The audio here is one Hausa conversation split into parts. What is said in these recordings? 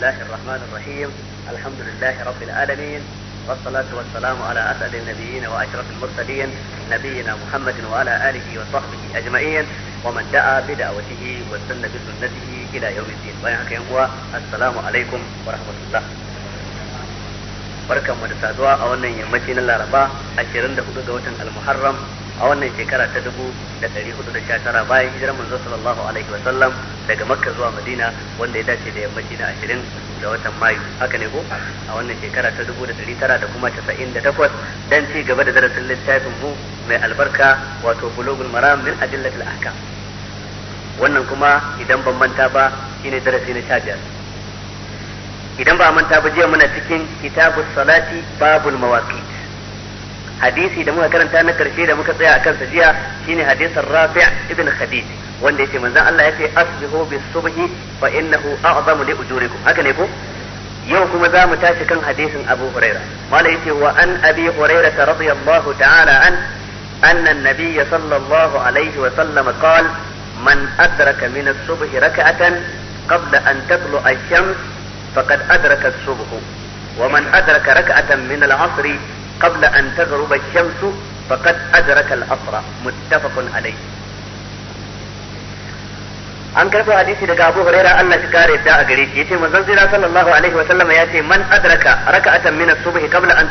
الله الرحمن الرحيم الحمد لله رب العالمين والصلاة والسلام على أسعد النبيين وأشرف المرسلين نبينا محمد وعلى آله وصحبه أجمعين ومن دعا بدعوته واستنى بسنته إلى يوم الدين السلام عليكم ورحمة الله barkan mu da saduwa a wannan yammaci na laraba 24 ga watan al-muharram a wannan shekara ta dubu da ɗari hudu da sha tara bayan hijirar manzo sallallahu alaihi wasallam daga makka zuwa madina wanda ya dace da yammaci na ashirin ga watan mayu haka ne ko a wannan shekara ta dubu da ɗari tara da kuma casa'in da takwas dan ci gaba da darasin littafin mu mai albarka wato bulugul maram min adillatil ahkam wannan kuma idan ban manta ba shine darasi na sha biyar idan ba manta ba jiya muna cikin kitabus salati babul mawaqit hadisi da muka karanta na karshe da muka tsaya akan sa jiya shine hadisin Rafi' ibn Khadij wanda yake manzon Allah yake asbihu bis subhi fa innahu a'zamu li ujurikum haka ne ko yau kuma za mu tashi kan hadisin Abu Huraira malai yake wa an Abi Huraira radiyallahu ta'ala an anna an-nabiy sallallahu alaihi wa sallam qala man adraka min as-subhi rak'atan qabla an tatlu'a ash-shams faqad adraka as-subhu ومن أدرك ركعة من العصر qabla an taghruba ash-shamsu faqad adraka al-asra muttafaqun alayh an karɓo hadisi daga Abu Huraira Allah shi kare da a gare shi yace manzon zira sallallahu alaihi wa sallam yace man adraka raka'atan min an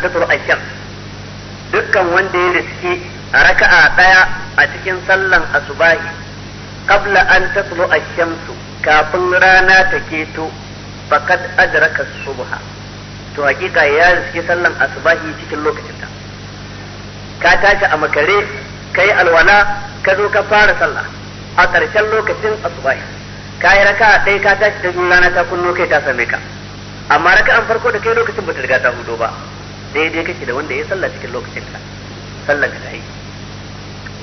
dukkan wanda ya riski raka'a daya a cikin sallan asubahi qabla an tatlu ash-shams kafin rana ta keto faqad adraka as-subha to hakika ya riski sallan asubahi cikin lokacinta ka tashi a makare ka yi alwala ka zo ka fara sallah a ƙarshen lokacin asubahi ka yi raka ɗaya ka tashi da rana ta kunno kai ta same ka amma raka an farko da kai lokacin ba ta riga ta hudo ba daidai kake da wanda ya sallah cikin lokacin ka sallan ka ta yi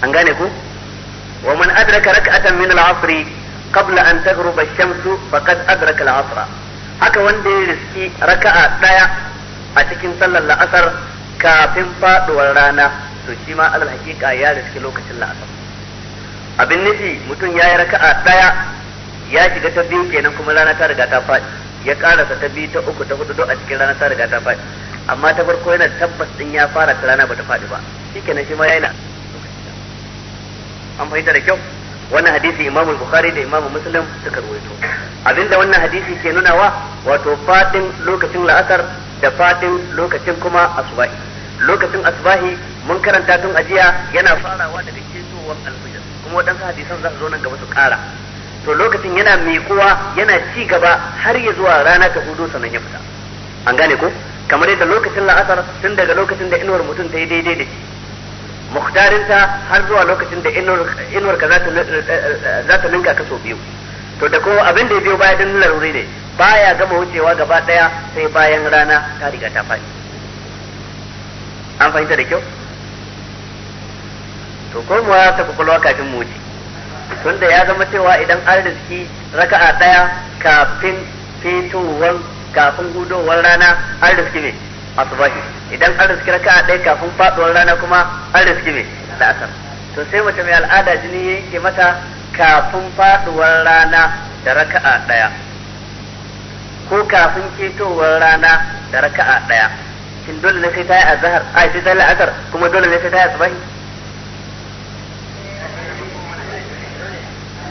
an gane ku wa man adraka rak'atan min al-'asr qabla an taghruba ash-shamsu faqad adraka al-'asra haka wanda ya riski raka'a daya a cikin sallar la'asar kafin faduwar rana to shi ma alal hakika ya riski lokacin la'asar abin nufi mutum ya yi raka'a daya ya shiga ta biyu kenan kuma rana ta riga ta faɗi ya karasa ta biyu ta uku ta hudu a cikin rana ta riga ta faɗi amma ta farko yana tabbas din ya fara ta rana bata faɗi ba shikenan shi ma yana an fahimta da kyau wannan hadisi Imam bukhari da imamu muslim suka rawaito abinda wannan hadisi ke nunawa wato fadin lokacin la'asar da fadin lokacin kuma asubahi lokacin asubahi mun karanta tun ajiya yana farawa daga ketowar alfijir kuma waɗansu hadisan za su zo nan gaba su ƙara to lokacin yana miƙuwa yana ci gaba har ya zuwa rana ta hudu sannan ya fita an gane ko kamar yadda lokacin la'asar tun daga lokacin da inuwar mutum ta yi daidai da shi muhtarinta har zuwa lokacin da inuwar ka za ta ninka ka sau biyu to da kuma abin da ya biyo baya din laruri ne baya gama wucewa gaba daya sai bayan rana ta riga ta fadi an fahimta da kyau to ko mu ta kwakwalwa kafin mu wuce tunda ya zama cewa idan an raka'a daya kafin fitowar kafin gudowar rana an riski ne asubahi idan an riski a ɗaya kafin faɗuwar rana kuma an riski me da asar to sai mace mai al'ada jini ya yanke mata kafin faɗuwar rana da raka'a ɗaya ko kafin ketowar rana da raka'a ɗaya shin dole ne sai ta yi azhar A sai ta yi kuma dole ne sai ta yi asubahi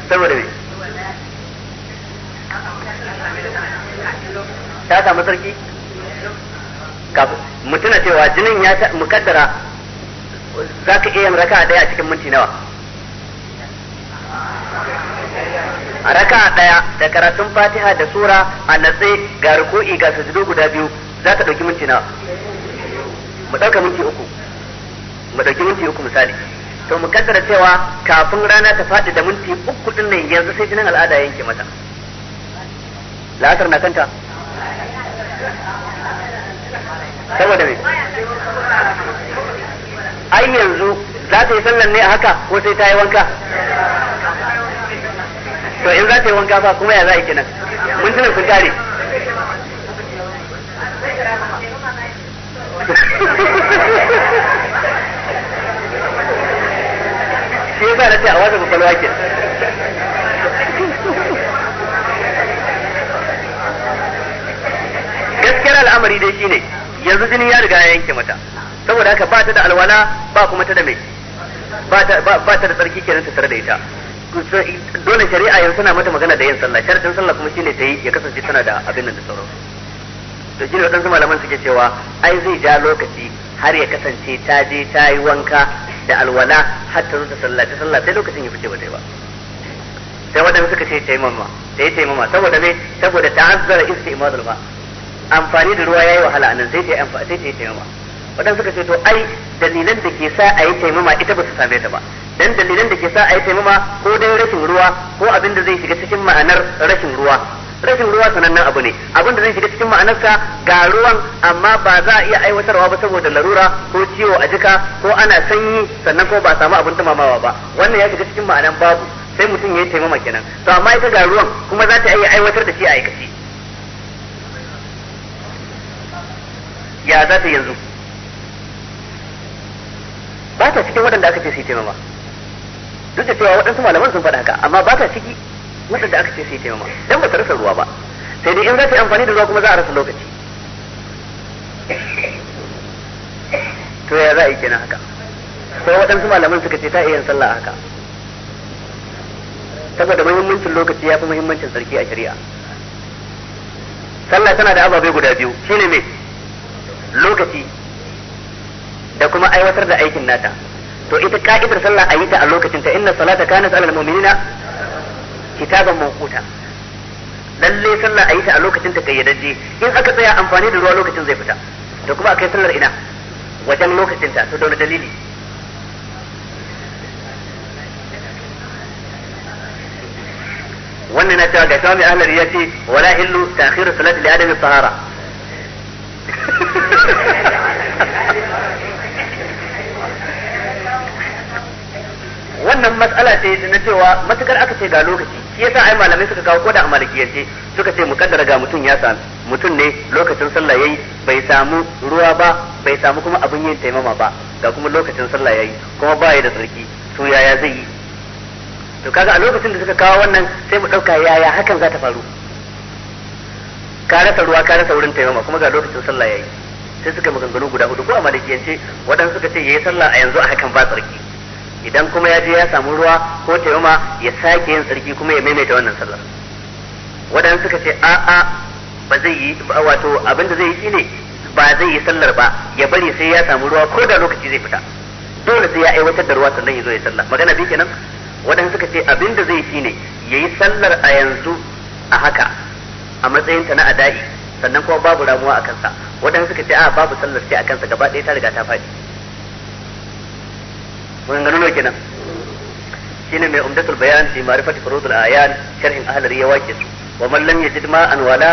saboda mai ta samu sarki mu tuna cewa jinin ya mukaddara za ka iya yin raka daya a cikin minti nawa raka daya da karatun fatiha da sura a natse ga ruku'i ga sujudu guda biyu za ta dauki minti nawa mu dauka minti uku mu dauki minti uku misali to mu kaddara cewa kafin rana ta faɗi da minti uku din nan yanzu sai jinin al'ada yanke mata la'asar na kanta saboda me ai yanzu za ta yi sallan ne a haka ko sai ta yi wanka to in za ta yi wanka fa kuma ya za a yi kinan mun tunan sun tare shi yasa na ce a wata kwakwalwa kenan gaskiyar al'amari dai shine yanzu jini ya riga ya yanke mata saboda haka ba ta da alwala ba kuma ta da mai ba ta da tsarki kenan ta tare da ita dole shari'a yanzu tana mata magana da yin sallah sharadin sallah kuma shine ta yi ya kasance tana da abin nan da sauran to shine wadansu malaman suke cewa ai zai ja lokaci har ya kasance ta je ta yi wanka da alwala har ta zo ta sallah ta sallah sai lokacin ya fice ba ta yi ba sai waɗanda suka ce taimama yi taimama saboda ne saboda ta ta'azzara istimadul ma amfani da ruwa yayi wahala nan sai ta yi amfani sai taimama waɗansu suka ce to ai dalilan da ke sa a taimama ita ba su same ta ba dan dalilan da ke sa a taimama ko dai rashin ruwa ko abin da zai shiga cikin ma'anar rashin ruwa rashin ruwa sanannen abu ne abin da zai shiga cikin ka ga ruwan amma ba za a iya aiwatarwa ba saboda larura ko ciwo a jika ko ana sanyi sannan ko ba a samu abin dumamawa ba wannan ya shiga cikin ma'anar babu sai mutum ya yi taimama kenan to amma ita ga ruwan kuma za ta iya aiwatar da shi a aikace ya za ta yanzu ba ta cikin waɗanda aka ce su yi taimama duk da cewa waɗansu malaman sun faɗa haka amma ba ta ciki waɗanda aka ce su yi taimama dan ba ta rasa ruwa ba sai dai in za ta yi amfani da ruwa kuma za a rasa lokaci to ya za a yi kenan haka ko waɗansu malaman suka ce ta iya yin sallah haka saboda muhimmancin lokaci ya fi muhimmancin sarki a shari'a sallah tana da ababai guda biyu shine me lokaci da kuma aiwatar da aikin nata to ita ka'idar sallah a yi ta a lokacin ta inna salata kanat alal mu'minina kitaban mawquta lalle sallah a yi ta a lokacin ta kayyadajje in aka tsaya amfani da ruwa lokacin zai fita da kuma akai sallar ina wajen lokacin ta to da wani dalili wannan na cewa ga shawami ahlar ya ce wala hillu ta'khiru salati li adami sahara mas'ala ce na cewa matukar aka ce ga lokaci shi yasa ai malamai suka kawo koda a malikiyance suka ce mukaddara ga mutum ya samu mutum ne lokacin sallah yayi bai samu ruwa ba bai samu kuma abin yin taimama ba ga kuma lokacin sallah yayi kuma ba ya da tsarki to yaya zai yi to kaga a lokacin da suka kawo wannan sai mu dauka yaya hakan za ta faru ka rasa ruwa ka rasa wurin taimama kuma ga lokacin sallah yayi sai suka maganganu guda hudu ko a malikiyance waɗansu suka ce yayi sallah a yanzu a hakan ba tsarki idan kuma ya je ya samu ruwa ko taimama ya sake yin tsarki kuma ya maimaita wannan sallar wadanda suka ce a a ba zai yi wato abin da zai yi shine ba zai yi sallar ba ya bari sai ya samu ruwa ko da lokaci zai fita dole sai ya aiwatar da ruwa sannan ya zo ya sallah magana bi kenan wadanda suka ce abin da zai shine ya yi sallar a yanzu a haka a matsayinta na ada'i sannan kuma babu ramuwa a kansa wadanda suka ce a babu sallar sai a kansa gaba ɗaya ta riga ta faɗi mun ga nuno kenan shine mai umdatul bayan fi ma'rifati furudul ayan sharhin ahlari ya wake su wa man lam yajid an wala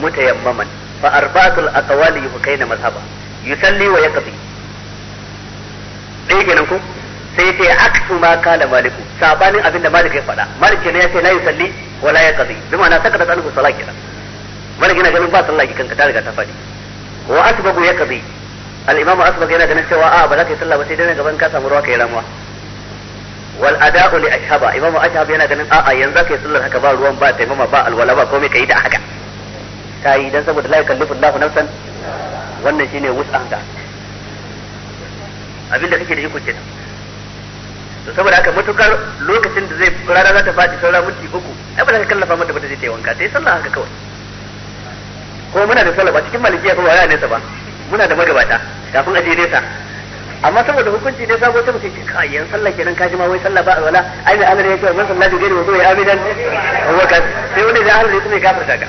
mutayammaman fa arba'atul aqwali yuhkaina mazhaba yusalli wa yaqdi dai kenan ko sai ce aksu ma kana maliku sabanin abin da malik ya faɗa malik ne ya ce la yusalli wa la yaqdi bi ma'ana sakata anhu salat kenan malik yana ganin ba sallah kanka ta riga ta faɗi wa asbabu yaqdi al-imam asbag yana ganin cewa a ba za ka yi sallah ba sai dai gaban ka samu ruwa kai ramuwa wal ada'u li ashhaba imam ashhab yana ganin a'a yanzu ka sallar haka ba ruwan ba taimama ba alwala ba komai kai da haka kai dan saboda la yakallifu Allahu nafsan wannan shine wus'an da abinda kake da iko kenan to saboda haka mutukar lokacin da zai rana za ta faɗi saura minti uku na ba za ka kallafa mata ba ta je ta yi wanka sai sallah haka kawai ko muna da sallah ba cikin malikiya ko ba ya nesa ba muna da magabata kafin aje nesa amma saboda hukunci ne sabo ta mutum ce ka yan sallah kenan kaji ma wai sallah ba wala ai mai amir ya ce man sallah da gari wato ya abidan wakan sai wani da amir kuma ya gafarta ka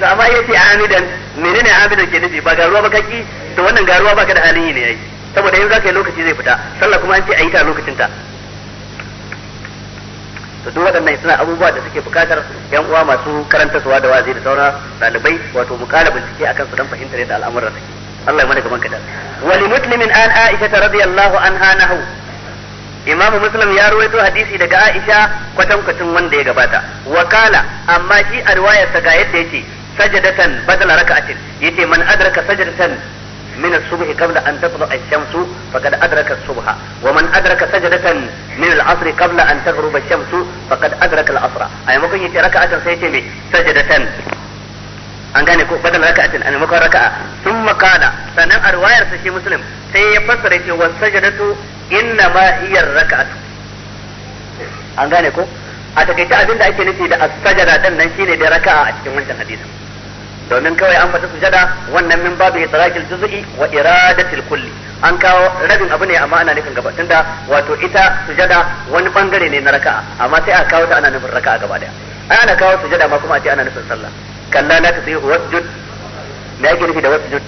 da amma ya ce amidan menene amidan ke nufi ba garuwa ba kaki to wannan garuwa baka da halin yi ne yayi saboda yanzu zaka yi lokaci zai fita sallah kuma an ce ayi ta lokacin ta to duk waɗannan suna abubuwa da suke bukatar yan uwa masu suwa da wazi da sauran ɗalibai wato mu bincike akan su dan fahimtar yadda al'amuran take Allah ya mana gaban da wali muslimin an aisha radiyallahu anha nahu imam muslim ya ruwaito hadisi daga aisha kwatankwacin wanda ya gabata wakala amma shi a riwayarsa ga yadda yake sajadatan badala raka'atin yace man adraka sajadatan من الصبح قبل أن تطلع الشمس فقد أدرك الصبح ومن أدرك سجدة من العصر قبل أن تغرب الشمس فقد أدرك العصر أي ممكن يتي ركعة سجدة an gane ko an raka'a sun sannan a ruwayar sa shi muslim sai ya fassara ce sajadatu inna ma hiya raka'atu an gane ko a abinda ake nufi da as-sajada dan nan shine da raka'a a cikin wancan hadisin domin kawai an faɗi sujada wannan min babu itirakil juz'i wa iradatil kulli an kawo rabin abu ne amma ana nufin gaba tunda wato ita sujada wani bangare ne na raka'a amma sai a kawo ta ana nufin raka'a gaba daya ai ana kawo sujada ma kuma a ce ana nufin sallah kalla na la tasihu wasjud me ake nufi da wasjud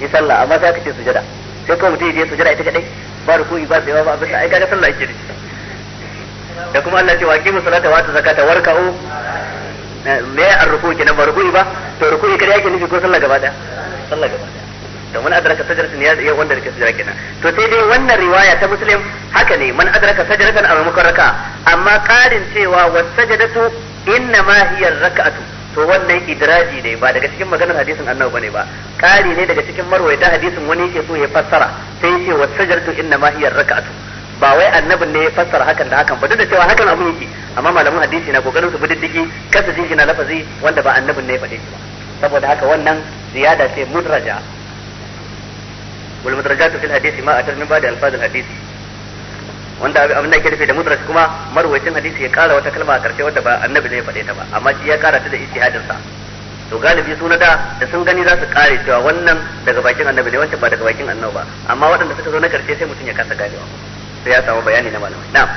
yi sallah amma sai aka ce sujada sai kawai mutum ya je sujada ita kadai ba ruku'i ba tsayawa ba abin da ai kaga sallah yake da da kuma Allah ce wa aqimu salata wa atu zakata warka'u me an ruku kenan ba ruku'i ba to ruku'i kada yake nufi ko sallah gaba daya sallah gaba daya domin adraka sajaratan ya iya wanda rike sajara kenan to sai dai wannan riwaya ta muslim haka ne man adraka sajaratan a maimakon raka amma karin cewa was sajadatu innama hiya raka'atu to wannan idraji ne ba daga cikin maganar hadisin annabi bane ba kari ne daga cikin marwaita hadisin wani yake so ya fassara sai ya ce was sajadatu innama hiya raka'atu ba wai annabin ne ya fassara hakan da hakan ba duk da cewa hakan abu yake amma malamin hadisi na kokarin su bi jin shi na lafazi wanda ba annabin ne ya faɗe ba saboda haka wannan ziyada ce mudraja wal mudrajatu fil hadisi ma atar min ba'd al fadl hadisi wanda abin da ke nufi da mudraj kuma marwacin hadisi ya kara wata kalma a karshe wadda ba annabi ne ya faɗe ta ba amma shi ya kara ta da ijtihadin sa to galibi su na da da sun gani za su kare cewa wannan daga bakin annabi ne wancan ba daga bakin annabi ba amma waɗanda suka zo na karshe sai mutum ya kasa ganewa sai ya samu bayani na malamai na'am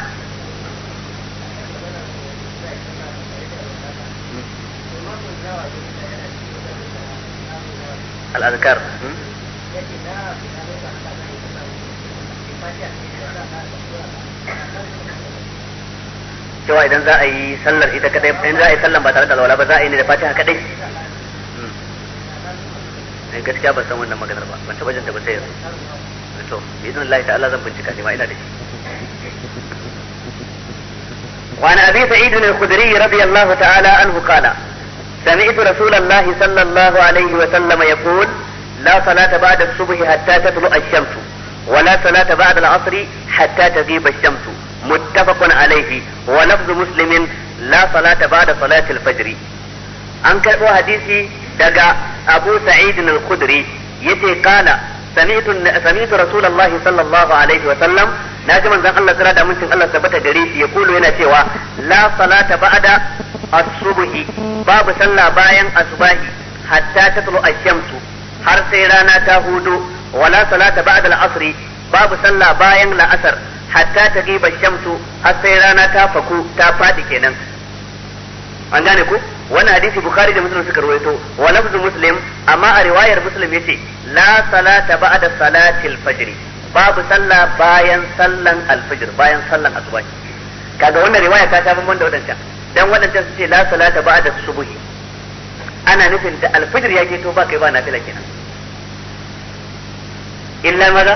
al'adukar hmm? cewa idan za a yi sallar ita kadai idan za a yi sallar ba tare da alwala ba za a yi ne da fatiha kadai ne hmm. eh, gaskiya ban san wannan maganar ba ban taba jin ta ba sai yanzu to bi idan Allah ta'ala zan bincika ne ma ina da shi وعن أبي سعيد الخدري رضي الله تعالى عنه قال سمعت رسول الله صلى الله عليه وسلم يقول لا صلاة بعد الصبح حتى تطلع الشمس ولا صلاة بعد العصر حتى تغيب الشمس متفق عليه ولفظ مسلم لا صلاة بعد صلاة الفجر an karɓo hadisi daga Abu Sa'id al-Khudri yace kana sami'tu sami'tu Rasulullah sallallahu alaihi wa sallam na ji manzon Allah tsara da amincin Allah tabbata gare shi ya kulo yana cewa la salata ba'da as-subhi babu sallah bayan asubahi hatta tatlu ash har sai rana ta hudu wala salata ba'da al babu sallah bayan la'asar hatta ta gaba shamsu har sai rana ta faku ta fadi kenan an gane ku wannan hadisi bukhari da muslim suka rawaito wa lafzu muslim amma a riwayar muslim yace la salata ba'da salatil fajr babu sallah bayan sallan alfijir bayan sallan asuba kaga wannan riwaya ta ta bambanta wadancan dan wadancan su ce la salata ba'da subuhi ana nufin da alfijir ya keto ba kai ba na fila kenan illa maza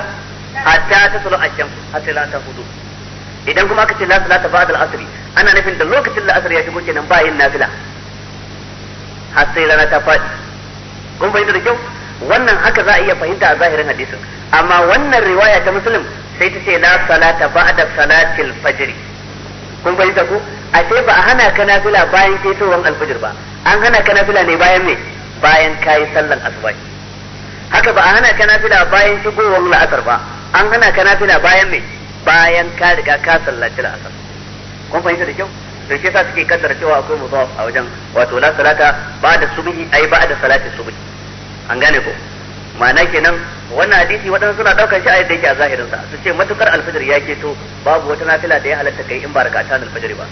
hatta ta sulu asham hatta la ta hudu idan kuma aka ce la salata ba'da al ana nufin da lokacin la'asar ya shigo kenan ba yin nafila har sai rana ta faɗi kun fahimta da kyau wannan haka za a iya fahimta a zahirin hadisin amma wannan riwaya ta musulun sai ta ce la salata a salatil fajiri kun bai ko a ce ba a hana ka nafila bayan ketowar alfajir ba an hana ka nafila ne bayan me bayan kayi sallan asubai haka ba a hana ka nafila bayan shigowar la'asar ba an hana ka nafila bayan me bayan ka riga ka sallaci la'asar kun fahimta da kyau to shi yasa suke kaddara cewa akwai mudaf a wajen wato la salata ba da subhi ai ba da salati subhi an gane ko ma'ana kenan wannan hadisi waɗansu suna ɗaukar shi a yadda yake a zahirin sa su ce matukar alfajir ya keto babu wata nafila da ya halatta kai in ba ta alfajir ba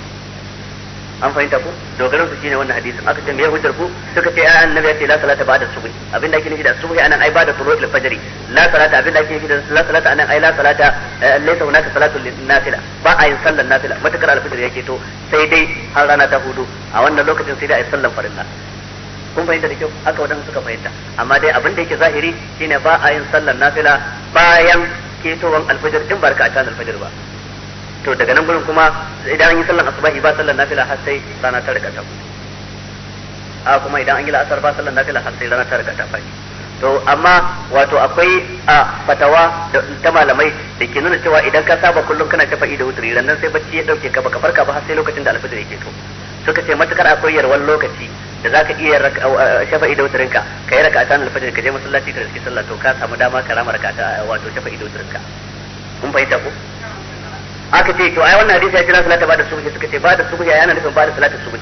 an fahimta ku dogaran su shine wannan hadisin aka ce me hujjar ku suka ce ayyan nabi ya ce la salata ba'da subhi abinda ake nufi da subhi anan ai ba'da tulu'il fajri la salata abinda ake nufi da la salata anan ai la salata eh, laysa hunaka lin nafila ba a yin sallan nafila matakar alfajir yake to sai dai har rana ta hudu a wannan lokacin sai dai a yi sallan farilla kun fahimta da kyau haka wadanda suka fahimta amma dai abin da yake zahiri shine ba a yin sallar nafila bayan ketowan alfajir in barka a can alfajir ba to daga nan gurin kuma idan an yi sallar asubahi ba sallar nafila har sai rana ta rikata ta a kuma idan an yi la'asar ba sallar nafila har sai rana ta rikata ta fadi to amma wato akwai a fatawa ta malamai da ke nuna cewa idan ka saba kullum kana ta fa'i da wuturi ran sai bacci ya dauke ka baka farka ba har sai lokacin da alfajir yake to suka ce matukar akwai yarwan lokaci da zaka iya uh, uh, shafa ido turinka ka yi raka'a tan alfajir ka je masallaci ka riski sallah to ka samu dama ka rama raka'a uh, wato shafa ido turinka kun fahimta ko aka ce to ai wannan hadisi ya kira salata ba da subhi suka ce ba da subhi yana nufin ba da salata subhi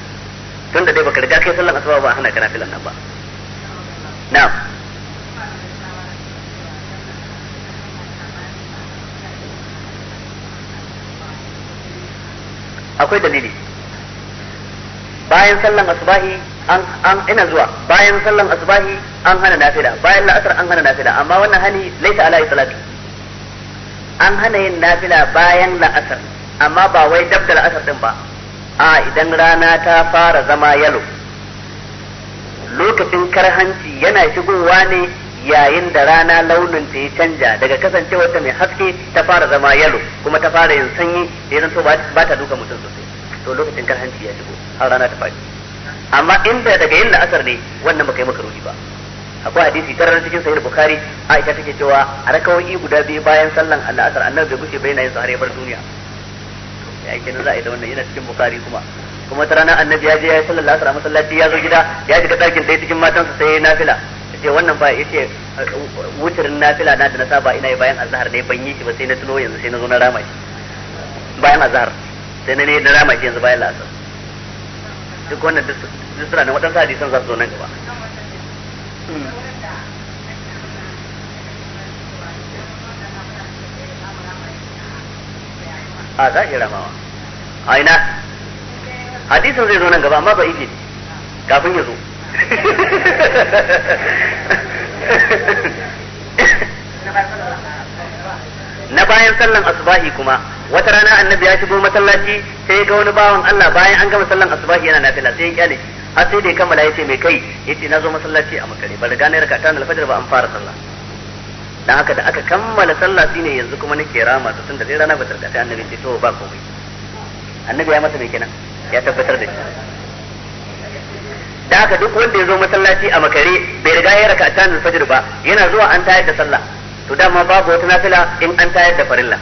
tun da dai baka riga kai sallan asuba ba hana kana filan nan ba na'am akwai dalili bayan sallan asubahi an an ina zuwa bayan sallan asbahi an hana nafila bayan la'asar an hana nafila amma wannan hani laita ala salati an hana yin nafila bayan la'asar amma ba wai dab da la'asar din ba a idan rana ta fara zama yalo lokacin karhanci yana shigowa ne yayin da rana launin ta ya canja daga kasancewar ta mai haske ta fara zama yalo kuma ta fara yin sanyi da yanzu ba ta duka mutum sosai to lokacin karhanci ya shigo har rana ta fadi amma inda daga yin la'asar ne wannan baka yi ruhi ba akwai hadisi tarar cikin sahih bukhari aisha take cewa a rakawoyi guda biyu bayan sallan al'asar annabi bai gushe bai na yin sahare bar duniya ya yi kenan za a yi da wannan yana cikin bukhari kuma kuma ta ranar annabi ya je ya yi sallan la'asar a masallaci ya zo gida ya shiga ɗakin ɗaya cikin matansa sai ya yi nafila ce wannan ba ya ce wucirin nafila na da na saba ina yi bayan azhar ne ban yi shi ba sai na tuno yanzu sai na zo na rama shi bayan azhar sai na ne na rama shi yanzu bayan la'asar duk wannan duk suna da waɗansu hadisan za su zo nan gaba hmm. a za a iya ramawa a ina Hadisan zai zo nan gaba amma ba ife kafin ya zo na bayan sallan asubahi kuma wata rana annabi ya shigo masallaci sai ga wani bawan Allah bayan an gama sallan asubahi yana nafila sai ya kyale shi har sai da ya kammala yace mai kai yace na zo masallaci a makare ba riga na rakata na alfajir ba an fara sallah dan haka da aka kammala sallah shine yanzu kuma nake rama ta tunda sai rana ba tarka sai annabi ce to ba komai annabi ya masa mai kenan ya tabbatar da shi da haka duk wanda ya zo masallaci a makare bai riga ya raka na alfajir ba yana zuwa an tayar da sallah to dama babu wata nafila in an tayar da farilla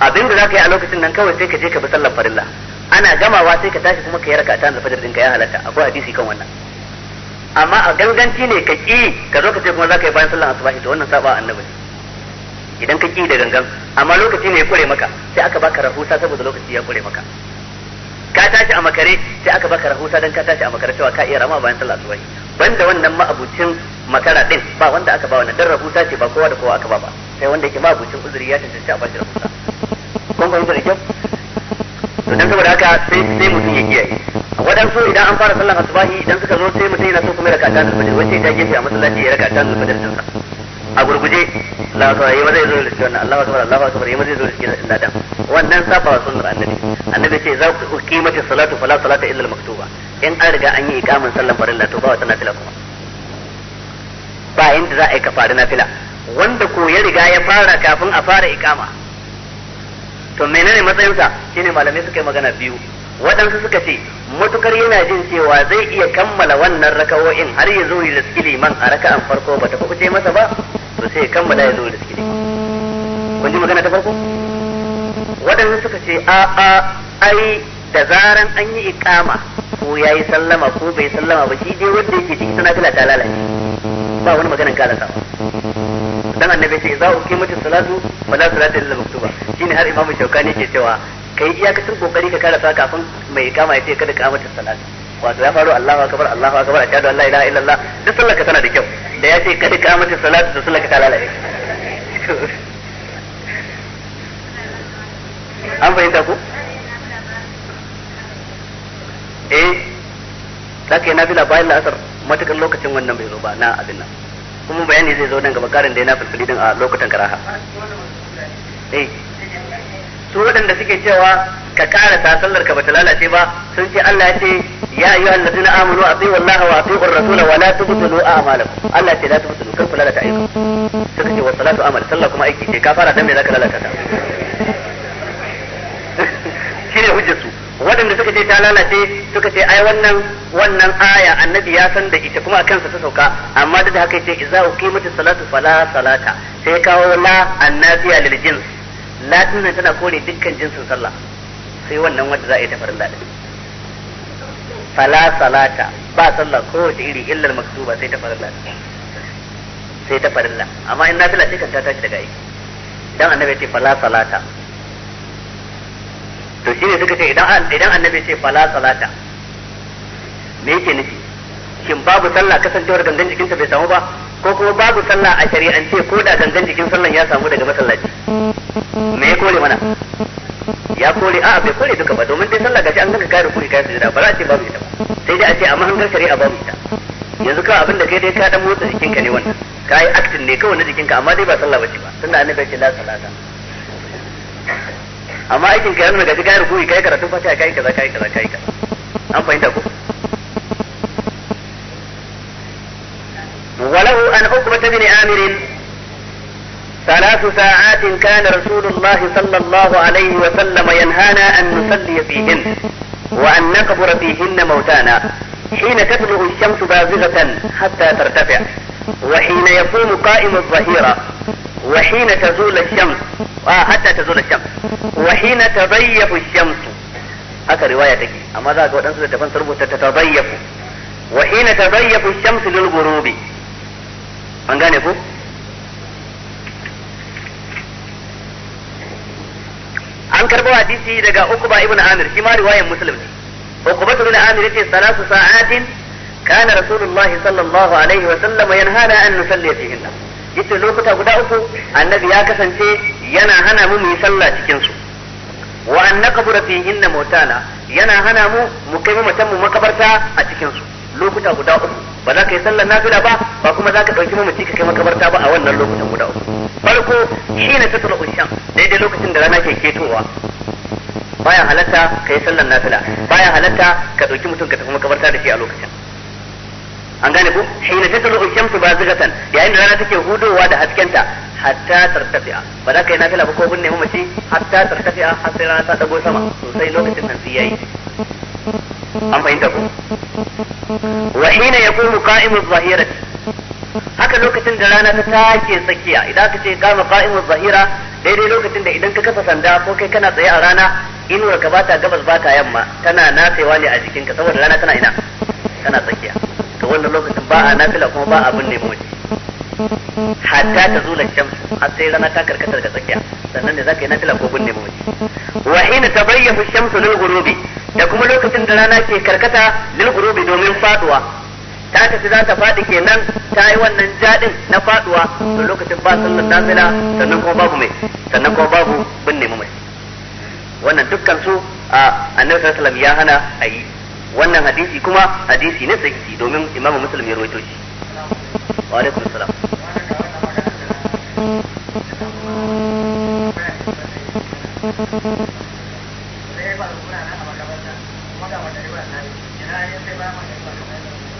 abin da za ka yi a lokacin nan kawai sai ka je ka bi sallar farilla ana gamawa sai ka tashi kuma ka yi rakata da fajar dinka ya halatta akwai hadisi kan wannan amma a ganganci ne ka ki ka zo ka ce kuma za ka yi bayan sallar asuba to wannan saba annabi idan ka ki da gangan amma lokaci ne ya kure maka sai aka baka rahusa saboda lokaci ya kure maka ka tashi a makare sai aka baka rahusa dan ka tashi a makare cewa ka iya rama bayan sallar asuba banda wannan ma'abucin makara din ba wanda aka ba wannan dan rahusa ce ba kowa da kowa aka ba ba sai wanda yake mabucin uzuri ya tantance a bashi rahusa kun ga da kyau to dan saboda haka sai sai mutum ya kiyaye wadansu idan an fara sallan asubahi idan suka zo sai mutum yana so kuma raka'a ta alfajir wace ta gefe a masallaci ya raka'a ta alfajir din a gurguje Allah ta yi mazai zo da wannan Allahu akbar Allahu akbar yi mazai zo da cikin ladan wannan safa wa sunnar annabi annabi ce za ku qimatu salatu fala salata illa al-maktuba in an riga an yi ikamin sallan farilla to ba wata nafila kuma ba inda za a yi ka na fila wanda ko ya riga ya fara kafin a fara ikama to menene matsayinsa shine malamai suka yi magana biyu waɗansu suka ce matukar yana jin cewa zai iya kammala wannan raka'o'in har ya zo da skili man a raka'an farko ba ta kuce masa ba to sai ya kammala ya zo da skili kun ji magana ta farko waɗansu suka ce a a ai da zaran an yi ikama ko ya yi sallama ko bai sallama ba shi dai wanda yake cikin suna ta lalace ba wani maganan karanta dan annabi ce za uki mutu salatu ba wala salatu illa maktuba shine har imamu shaukani ke cewa kai iyakacin kokari ka karasa kafin mai kama ya ce kada ka mutu salatu wato ya faru Allahu akbar Allahu akbar ashhadu an la ilaha Allah duk sallar ka tana da kyau da ya ce kada ka mutu salatu da sallar ka ta lalace an fahimta ku eh zaka yi nafila bayan la'asar matakan lokacin wannan bai zo ba na abin nan kuma bayani zai zo nan gaba karin da yana fulfuli din a lokutan karaha eh su waɗanda suke cewa ka ƙara ta sallar ka bata lalace ba sun ce Allah ya ce ya ayu allazina amanu atiu Allah wa atiu ar-rasul wa la tubtilu a'malakum Allah ce la tubtilu kar ku lalata aiki suka ce wa salatu amal sallah kuma aiki ce ka fara dan me zaka lalata ta shine hujjar su waɗanda suka ce ta lalace suka ce ai wannan wannan aya annabi ya san da ita kuma a kansa ta sauka amma duk da haka yace idza uqimatis salatu fala salata sai kawo la annabiya lil jins la dinnan tana kore dukkan jinsin sallah sai wannan wanda za a yi ta farin ladin fala salata ba sallah kowace iri illal maktuba sai ta farin ladin sai ta farin amma in nafila sai kan ta tashi daga aiki dan annabi ya ce fala salata to ne suka ce idan annabi ce fala salata me yake nufi shin babu sallah kasancewar gangan jikinsa bai samu ba ko kuma babu sallah a shari'ance ko da gangan jikin sallan ya samu daga masallaci me ya kore mana ya kore a'a bai kore duka ba domin dai sallah gashi an ganka kare kuri kai sujada ba za a ce babu ita ba sai dai a ce an mahangar shari'a babu ita yanzu kawai abin da kai dai ka dan motsa jikinka ne wannan ka yi aktin ne kawai na jikinka amma dai ba sallah bace ba tunda annabi ce la salata amma aikin ka yanzu gaji kai rukuyi kai karatun fatiha kai kaza kai kaza kai kaza an fahimta ko وله أن حكمة بن عامر ثلاث ساعات كان رسول الله صلى الله عليه وسلم ينهانا أن نصلي فيهن وأن نقبر فيهن موتانا حين تطلع الشمس بازغة حتى ترتفع وحين يقوم قائم الظهيرة وحين تزول الشمس آه حتى تزول الشمس wa hina tadayyafu shamsu haka riwaya take amma za ga waɗansu da tafan rubuta ta tadayyafu wa hina tadayyafu shamsu lil ghurubi an gane ko an karɓo hadisi daga Uqba ibn Amir shi ma riwayar Muslim ne Uqba ibn Amir yace salatu sa'atin kana Rasulullah sallallahu alaihi wa sallam yanhana an nusalli fihinna yace lokuta guda uku annabi ya kasance yana hana mu mu yi sallah cikin su wa an nakbura fihin mautana yana hana mu mu kai mamatan mu makabarta a cikin su lokuta guda uku ba za ka yi sallar nafila ba ba kuma za ka ɗauki mamaci ka kai makabarta ba a wannan lokutan guda uku farko shi ne ta tura ushan daidai lokacin da rana ke ketowa baya halatta ka yi sallar nafila baya halatta ka ɗauki mutum ka tafi makabarta da shi a lokacin an gane ku ko hina su shamsu zigatan yayin da rana take hudowa da haskenta hatta tartafi'a ba za ka yi nafila ba ko binne mu mace hatta tartafi'a har sai rana ta dago sama sosai lokacin nan sai yayi an fahimta ku. wa hina yaqumu qa'imu adh-dhahirati haka lokacin da rana ta take tsakiya idan aka ce kama qa'imu zahira daidai lokacin da idan ka kafa sanda ko kai kana tsaye a rana inuwar ka bata gabas bata yamma tana natsewa ne a jikinka saboda rana tana ina tana tsakiya to wannan lokacin ba a nafila kuma ba abin ne waje hatta ta zula shamsu har sai rana ta karkata daga tsakiya sannan ne zaka yi nafila ko binne moji wa hina tabayyana shamsu lil ghurubi da kuma lokacin da rana ke karkata lil ghurubi domin faduwa ta tafi za ta faɗi kenan ta yi wannan jaɗin na faɗuwa da lokacin ba sallar nafila sannan kuma babu mai sannan kuma babu binne mai wannan dukkan su a annabi sallallahu alaihi wasallam ya hana a yi wannan hadisi kuma hadisi ne sahihi domin imamu muslim ya rawaito shi wa alaikum salam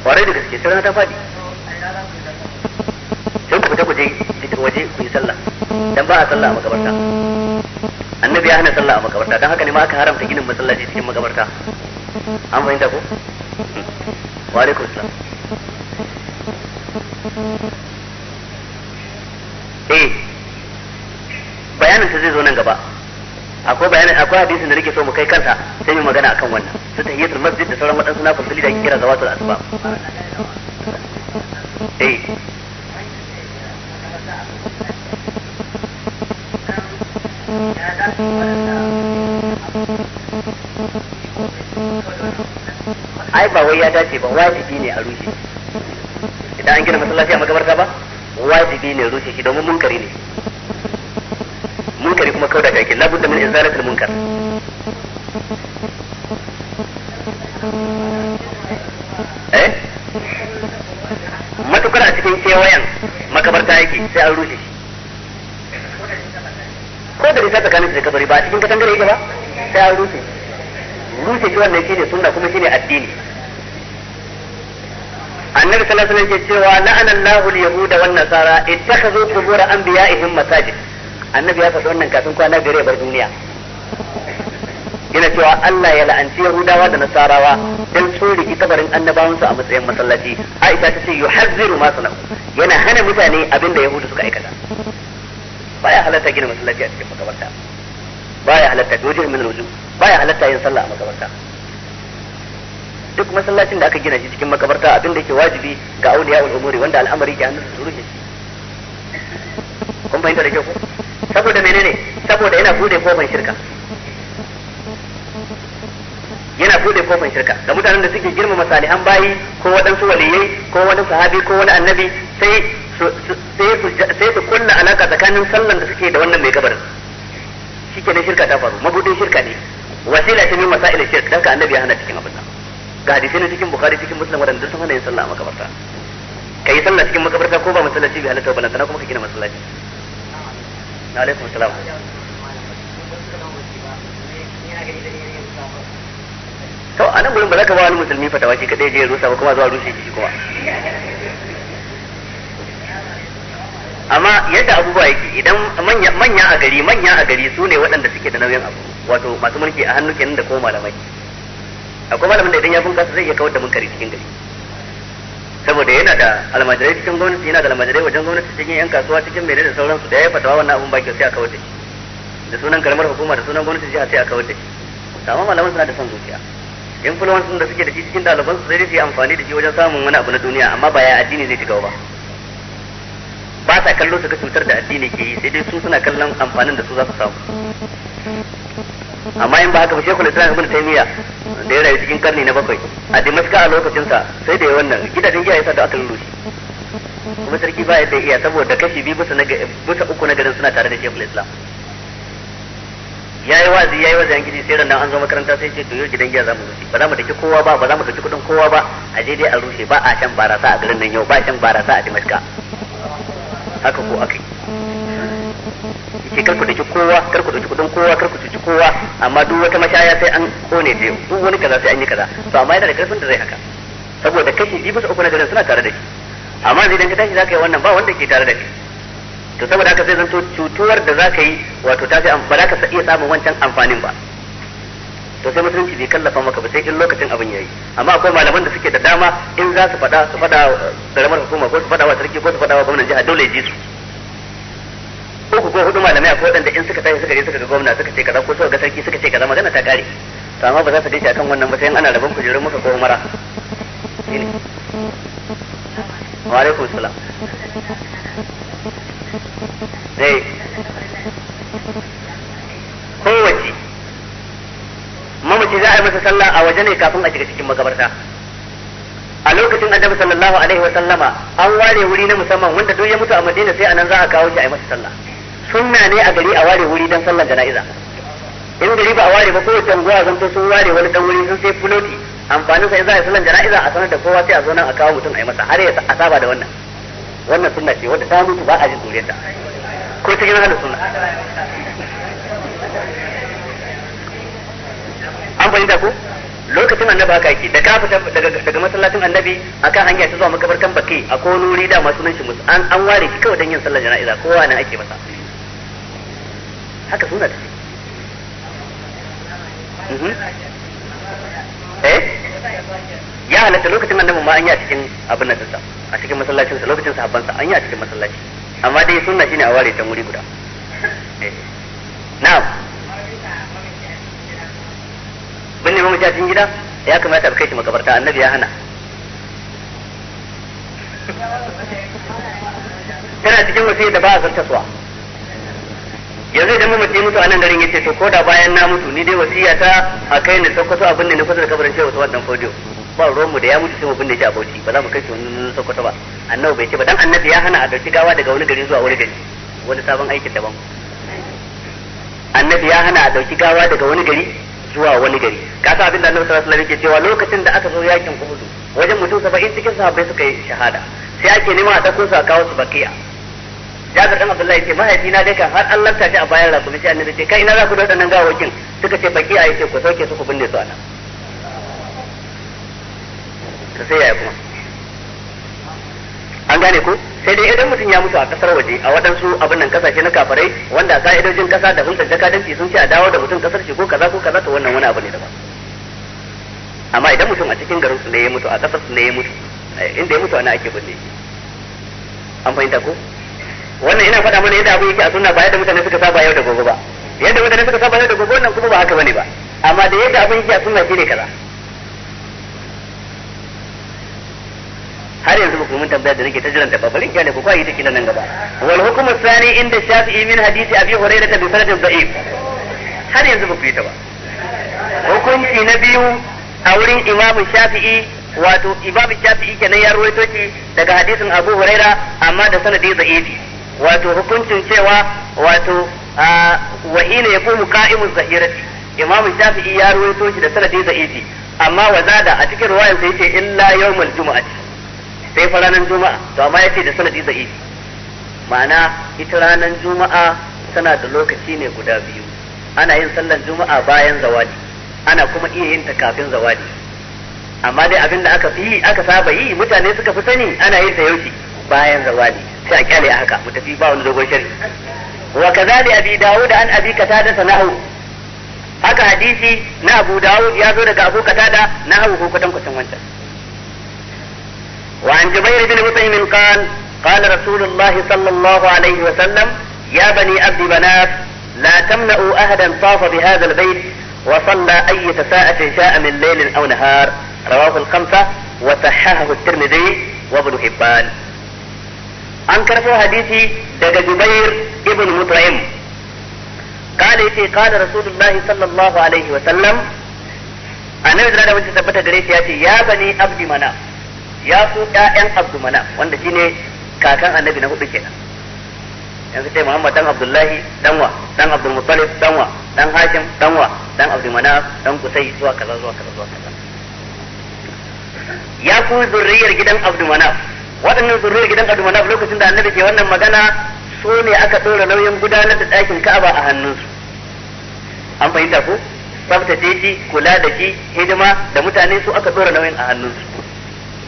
kwarai da gaske sai ta faɗi sai ku fita ku waje ku yi sallah dan ba a sallah a makabarta annabi ya hana sallah a makabarta don haka ne ma aka haramta ginin masallaci cikin makabarta an fahimta ko wa alaikum salam eh bayanin ta zai zo nan gaba akwai bayanin akwai hadisin da nake so mu kai kanta sai mu magana akan wannan su ta tahiyatul masjid da sauran wadansu na fasili da kira zawatul asbab eh Thank you. ai ba wai ya dace ba wajibi ne a rushe idan an gina masallaci a makabarta ba wajibi ne rushe shi domin munkari ne munkari kuma kauda kake labudda min izaratul munkar eh matukar a cikin kewayen makabarta yake sai an rushe shi ko da isa tsakanin da kabari ba a cikin katangare yake ba sai an rushe shi rufe shi wannan shine sunna kuma shine addini annabi sallallahu alaihi wasallam ce cewa la'ana Allahu al-yahuda wan nasara ittakhadhu qubur anbiya'ihim masajid annabi ya faɗi wannan kafin kwana gare bar duniya yana cewa Allah ya la'anci Yahudawa da Nasarawa dan sun riki kabarin annabawansu a matsayin masallaci Aisha ta ce yuhazziru ma sanau yana hana mutane abinda Yahudu suka aikata baya halatta gina masallaci a cikin makabarta baya halatta bi wajhin min alwujuh baya halatta yin sallah a makabarta duk masallacin da aka gina shi cikin makabarta abin da ke wajibi ga auliya ul umuri wanda al'amari ke hannun su rufe shi kun fahimta da kyau saboda menene saboda yana bude kofar shirka yana bude kofar shirka da mutanen da suke girmama salihan bayi ko waɗansu waliyai ko wani sahabi ko wani annabi sai sai su kulla alaka tsakanin sallan da suke da wannan mai kabarin shikenan shirka ta faru mabudin shirka ne wasila ce min masail shirk dan ka annabi ya hana cikin abin nan ga hadisi ne cikin bukhari cikin muslim wadanda duk sun hana yin sallah a makabarta kai sallah cikin makabarta ko ba masallaci bai halatta ba lantana kuma ka gina masallaci na alaikum salam to anan gurin ba za ka ba wani musulmi fatawa shi kadai je ya rusa ba kuma zuwa rushe shi kuma amma yadda abubuwa yake idan manya manya a gari manya a gari su ne waɗanda suke da nauyin abu wato masu mulki a hannu kenan da kuma malamai akwai malamin da idan ya bunkasa zai iya kawar da munkari cikin gari saboda yana da almajirai cikin gwamnati yana da almajirai wajen gwamnati cikin yan kasuwa cikin mai da sauransu da ya fatawa wannan abun baki sai a kawar da shi da sunan karamar hukuma da sunan gwamnati a sai a kawar da shi amma malaman suna da son zuciya influence da suke da shi cikin ɗaliban su zai rufe amfani da shi wajen samun wani abu na duniya amma ba ya addini zai shiga ba sa kallo su ga cutar da addini ke yi sai dai su suna kallon amfanin da su za su samu amma in ba haka ba shekul islam ibn taymiya da ya rayu cikin karni na bakwai a dimashka a lokacin sa sai da ya wannan gidajen giya yasa da aka lulu shi kuma sarki ba yadda iya saboda kashi biyu bisa bisa uku na garin suna tare da shekul islam yayi wazi yayi wazi an gidi sai ran an zo makaranta sai ce to yau gidan giya zamu rushe ba za mu dake kowa ba ba za mu dake kudin kowa ba a je dai a rushe ba a shan barasa a garin nan yau ba shan barasa a dimashka haka ko aka yi kar ku daki kowa kar ku daki kudin kowa kar ku cuci kowa amma duk wata mashaya sai an kone ta duk wani kaza sai an yi kaza to amma yana da karfin da zai haka saboda kashi biyu bisa uku na garin suna tare da shi amma zai dan ka tashi zaka yi wannan ba wanda ke tare da shi to saboda haka sai zanto cutuwar da zaka yi wato ta fi ba za ka iya samun wancan amfanin ba to sai mutunci bai kallafa maka ba sai in lokacin abin yayi amma akwai malaman da suke da dama in za su faɗa su faɗa uh, ramar hukuma ko su faɗa wa sarki ko su faɗa wa gwamnati jiha dole ji su uku ko hudu malamai akwai waɗanda in suka tashi suka je suka ga gwamna suka ce kaza ko suka ga sarki suka ce kaza magana ta kare to amma ba za su dace akan wannan ba sai in ana rabon kujerun muka ko umara wa alaikum salam dai masa sallah a waje ne kafin a shiga cikin makabarta a lokacin annabi sallallahu alaihi wa sallama an ware wuri na musamman wanda duk ya mutu a madina sai anan za a kawo shi a yi masa sallah sunna ne a gari a ware wuri dan sallar jana'iza in gari ba a ware ba kowace unguwa zan to sun ware wani dan wuri sun sai fuloti amfanin sa in za a yi sallar jana'iza a sanar da kowa sai a zo nan a kawo mutum a yi masa har ya saba da wannan wannan sunna ce wanda ta mutu ba a jin ta ko cikin da sunna an fahimta ko lokacin annabi haka yake da ka fita daga daga masallacin annabi akan hanya ta zuwa makabartan baki a ko nuri da masu nan shi musu an an ware ki kawai dan yin sallar jana'iza kowa nan ake masa haka suna ta mhm. eh ya halatta lokacin annabi ma an yi a cikin abin nan sa a cikin masallacin sa lokacin sahabban sa an yi a cikin masallaci amma dai sunna shine a ware ta wuri guda eh. na'am binne mamaci a cikin gida ya kamata a kai shi makabarta annabi ya hana tana cikin wasu da ba a suwa yanzu idan mamaci mutu a nan garin yace to ko da bayan na mutu ni dai wasiya ta a kai na sokoto abin da ni kusa da kabarin shehu ta wannan fodiyo ba ruwan mu da ya mutu sai mu binne shi a Bauchi ba za mu kai shi wani sokoto ba annabi bai ce ba dan annabi ya hana a dauki gawa daga wani gari zuwa wani gari wani sabon aikin daban annabi ya hana a dauki gawa daga wani gari zuwa wani gari ka sa abin da annabi sallallahu alaihi wasallam yake cewa lokacin da aka zo yakin Uhud wajen mutum 70 cikin sahabbai suka yi shahada sai ake nema a dauko su a kawo su bakiya Jabir dan Abdullahi ce na dai kan har Allah ta ce a bayan rakumi sai annabi ce kai ina za ku da waɗannan gawakin suka ce bakiya yake ku sauke su ku binne su a ta sai yaya kuma an gane ko sai dai idan mutum ya mutu a kasar waje a waɗansu abin nan kasashe na kafarai wanda a ka'idojin kasa da hulɗar jakadanci sun ce a dawo da mutum kasar shi ko kaza ko kaza to wannan wani abu ne daban amma idan mutum a cikin garin su ne ya mutu a kasar su ne ya mutu eh, inda ya mutu ana ake binne shi an fahimta ko wannan ina faɗa mana yadda abu yake a sunna ba yadda mutane suka saba yau da gobe ba yadda mutane suka saba yau da gobe wannan kuma ba haka bane ba amma da yadda abin yake a sunna shine kaza har yanzu ba mun tambaya da nake ta jiran da ba gane ko ku kai take nan gaba wal hukmu thani inda shafi'i min hadisi abi hurairah bi sanad da'if har yanzu ba ku yi ta ba hukunci na biyu a wurin imamu shafi'i wato imamu shafi'i kenan ya ruwaito shi daga hadisin abu huraira amma da sanadi da'ifi wato hukuncin cewa wato wa hina yaqumu qa'imu zahirati imamu shafi'i ya ruwaito shi da sanadi da'ifi amma wazada a cikin ruwayan sai ce illa yawmal jumu'ati sai fa ranar juma'a to amma yace da sanadi da'ifi ma'ana ita ranar juma'a tana da lokaci ne guda biyu ana yin sallar juma'a bayan zawadi ana kuma iya yin ta kafin zawadi amma dai abin da aka fi aka saba yi mutane suka fi sani ana yin ta yauci bayan zawadi sai a kyale a haka mu tafi ba wani dogon shari wa kazali abi dawud an abi katada sana'u haka hadisi na abu dawud ya zo daga abu katada na hawo ko kwatan kwatan wancan وعن جبير بن مطعم قال قال رسول الله صلى الله عليه وسلم يا بني أبي بنات لا تمنعوا أهدا طاف بهذا البيت وصلى أي ساعة شاء من ليل أو نهار رواه الخمسة وصححه الترمذي وابن حبان أنكر حديثي دقى جبير ابن مطعم قال إيه قال رسول الله صلى الله عليه وسلم أنا أدرى أنا وانت ثبت يا بني أبدي مناف ya so ƴaƴan abdumana wanda shine kakan annabi na hudu kenan yanzu sai Muhammad dan Abdullahi danwa dan Abdul Muttalib dan dan Hashim danwa dan Abdul Manaf dan Qusay zuwa kaza zuwa kaza zuwa kaza ya ku zurriyar gidan Abdul Manaf waɗannan zurriyar gidan Abdul Manaf lokacin da annabi ke wannan magana so ne aka ɗora nauyin gudanar da ɗakin Ka'aba a hannunsu an fahimta ko tsaftace shi kula da shi hidima da mutane su aka ɗora nauyin a hannunsu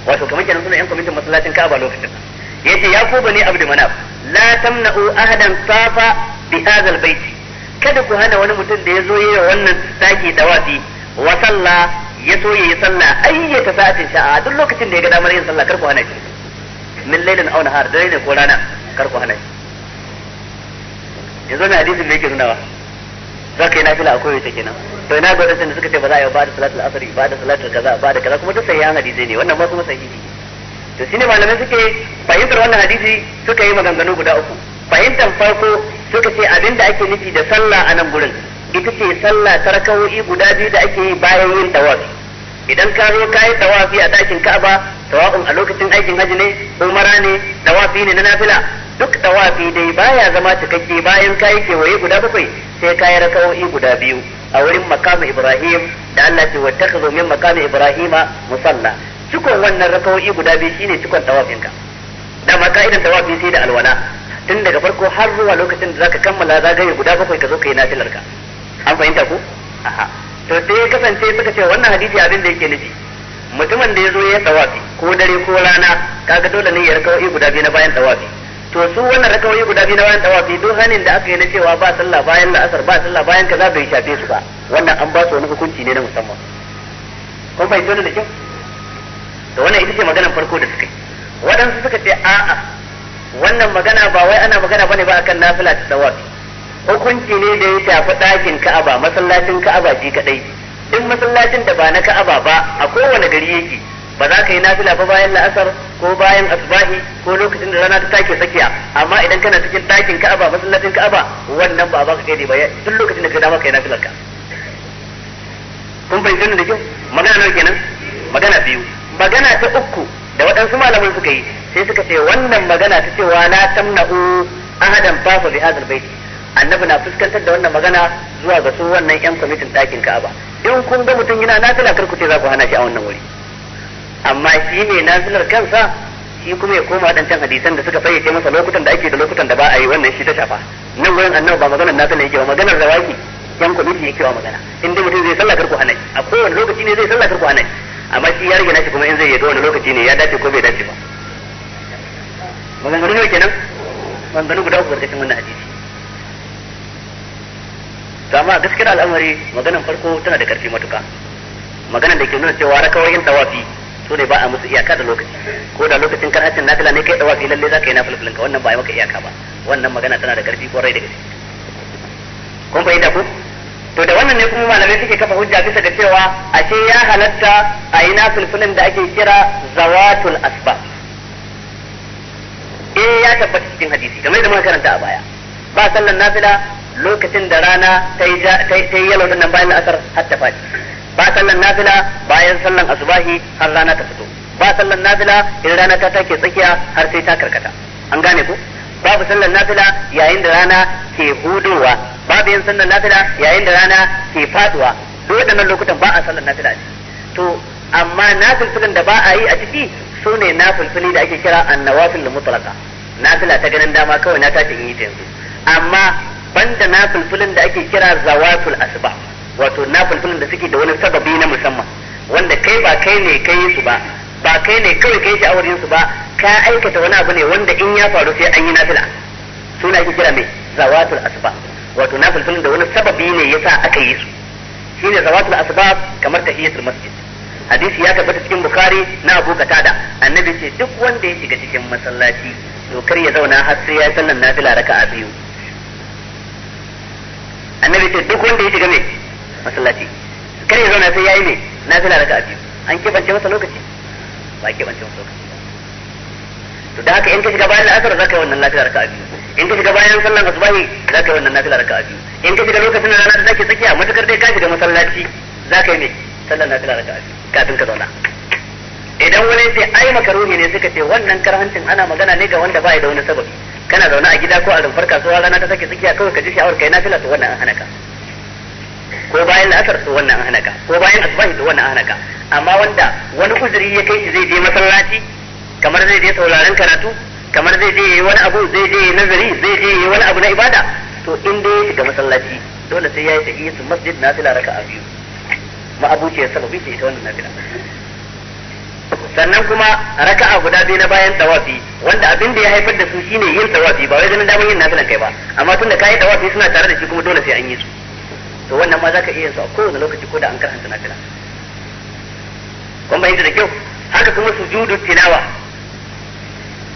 wato kamar kenan suna yan kwamitin masallacin Ka'aba lokacin yace ya ku bani Abdul Manaf la tamna'u ahadan safa bi hadha albayt kada ku hana wani mutum da ya zo yi wannan daki dawafi wa salla ya so yayi sallah ayyata sa'atin sha'a duk lokacin da ya ga damar yin sallah kar ku hana shi min lailin aw nahar dare ne ko rana kar ku hana shi yanzu mai hadisin da yake nunawa za ka yi nafila akwai wata kenan to ina ga wadansu suka ce ba za a yi ba da salatul asr ba da salatul kaza ba da kaza kuma duk sai ya hadisi ne wannan ma kuma sahihi to shine malamai suke fahimtar wannan hadisi suka yi maganganu guda uku fahimtar farko suka ce abinda ake nufi da sallah a nan gurin ita ce sallah ta rakawoyi guda biyu da ake yi bayan yin tawafi idan ka zo tawafi a dakin Ka'aba tawafin a lokacin aikin haji ne umara ne tawafi ne na nafila duk tawafi dai baya zama cikakke bayan ka ke kewaye guda bakwai sai ka yi rakawoyi guda biyu a wurin makamu Ibrahim da Allah ce wa takhadhu min makamu Ibrahima musalla cikon wannan rakawoyi guda biyu shine cikon tawafin ka da ma ka'idan tawafi sai da alwala tun daga farko har zuwa lokacin da zaka kammala zagaye guda bakwai ka zo kai nafilar ka an fahimta ko aha to sai kasance suka ce wannan hadisi abin da yake nufi mutumin da ya zo ya tawafi ko dare ko rana kaga dole ne ya rakawoyi guda biyu na bayan tawafi to su wannan rakawai guda biyu na bayan tawafi duk hanin da aka yi na cewa ba sallah bayan la'asar ba sallah bayan kaza bai shafe su ba wannan an ba su wani hukunci ne na musamman kun bai tona da kyau to wannan ita ce maganar farko da suka yi waɗansu suka ce a'a wannan magana ba wai ana magana bane ba akan nafila ta tawafi hukunci ne da ya shafi ɗakin Ka'aba masallacin Ka'aba ji kadai duk masallacin da ba na Ka'aba ba a kowane gari yake ba za ka yi nafila ba bayan la'asar ko bayan asbahi ko lokacin da rana ta take tsakiya amma idan kana cikin ɗakin ka'aba masallacin ka'aba wannan ba a baka kai ba duk lokacin da ka dama kai nafilar ka kun fahimci da kyau magana nawa kenan magana biyu magana ta uku da waɗansu malamai suka yi sai suka ce wannan magana ta cewa la tamna'u ahadan fafa bi hadal baiti annabi na fuskantar da wannan magana zuwa ga su wannan yan kwamitin ɗakin ka'aba in kun ga mutum yana nafila kar ku ce za ku hana shi a wannan wuri amma shi ne nazilar kansa shi kuma ya koma waɗancan hadisan da suka fayyace masa lokutan da ake da lokutan da ba a yi wannan shi ta shafa nan wurin annabi ba maganar nazilar yake ba maganar rawaki yan shi yake ba magana in dai mutum zai sallah karku hana a kowane lokaci ne zai sallah karku hana amma shi ya rage nashi kuma in zai yi wani lokaci ne ya dace ko bai dace ba maganganu ne kenan maganganu guda uku karkashin wannan hadisi to amma gaskiyar al'amari maganar farko tana da karfi matuka maganar da ke nuna cewa yin tawafi su ne ba a musu iyaka da lokaci ko da lokacin hacin nafila ne kai da wafi lalle zaka yi nafilin ka wannan ba a maka iyaka ba wannan magana tana da karfi rai da gaske kun fahimta ku to da wannan ne kuma malamai suke kafa hujja bisa ga cewa ashe ya halatta a yi nafilfilin da ake kira zawatul asba eh ya tabbata cikin hadisi kamar da muka karanta a baya ba sallan nafila lokacin da rana ta yi yalo nan bayan asar har ta ba sallan nafila bayan sallan asubahi har rana ta fito ba sallan nafila idan rana ta take tsakiya har sai ta karkata an gane ku. babu sallan nafila yayin da rana ke hudowa babu yin sallan nafila yayin da rana ke faduwa duk waɗannan lokutan ba a sallan nafila to amma nafilfilin da ba a yi a ciki su ne nafilfili da ake kira annawafil mutlaka nafila ta ganin dama kawai na tashi yi ta yanzu amma banda nafilfilin da ake kira zawatul asbah wato na da suke da wani sababi na musamman wanda kai ba kai ne ka yi su ba ba kai ne kawai kai sha'awar yin su ba ka aikata wani abu ne wanda in ya faru sai an yi nafila suna ake kira mai zawatul asbab wato na da wani sababi ne yasa aka yi su shine zawatul asbab kamar tahiyatul masjid hadisi ya tabbata cikin bukhari na abu katada annabi ce duk wanda ya shiga cikin masallaci to kar ya zauna har sai ya sallan nafila raka'a biyu annabi ce duk wanda ya shiga mai masallaci kare ya zauna sai yayi ne na fila raka a biyu an kebance masa lokaci ba kebance masa lokaci to da haka in ka shiga bayan la'asar za ka yi wannan nafila raka a biyu in ka shiga bayan sallar asubahi za ka yi wannan nafila raka a biyu in ka shiga lokacin rana da take tsakiya matukar dai ka shiga masallaci za ka yi ne sallan nafila raka a biyu kafin ka zauna idan wani sai ai makaruhi ne suka ce wannan karhancin ana magana ne ga wanda ba da wani sababi kana zauna a gida ko a rumfar kasuwa rana ta sake tsakiya kawai ka ji sha'awar kai fila to wannan an hana ka ko bayan la'asar to wannan an hana ka ko bayan asbahi to wannan an hana ka amma wanda wani uzuri ya kai shi zai je masallaci kamar zai je sauraron karatu kamar zai je yayi wani abu zai je nazari zai je yayi wani abu na ibada to in dai ya shiga masallaci dole sai ya yi tahiyatul masjid nafila raka'a biyu ma abuciyar sababi ta ita wannan nafila sannan kuma raka'a guda biyu na bayan tawafi wanda abin da ya haifar da su shine yin tawafi ba wai ganin damar yin nafilan kai ba amma tunda kayi tawafi suna tare da shi kuma dole sai an yi su to wannan ma zaka iya yin su a kowane lokaci ko da an karanta nafila kun bayyana da kyau haka kuma sujudu tilawa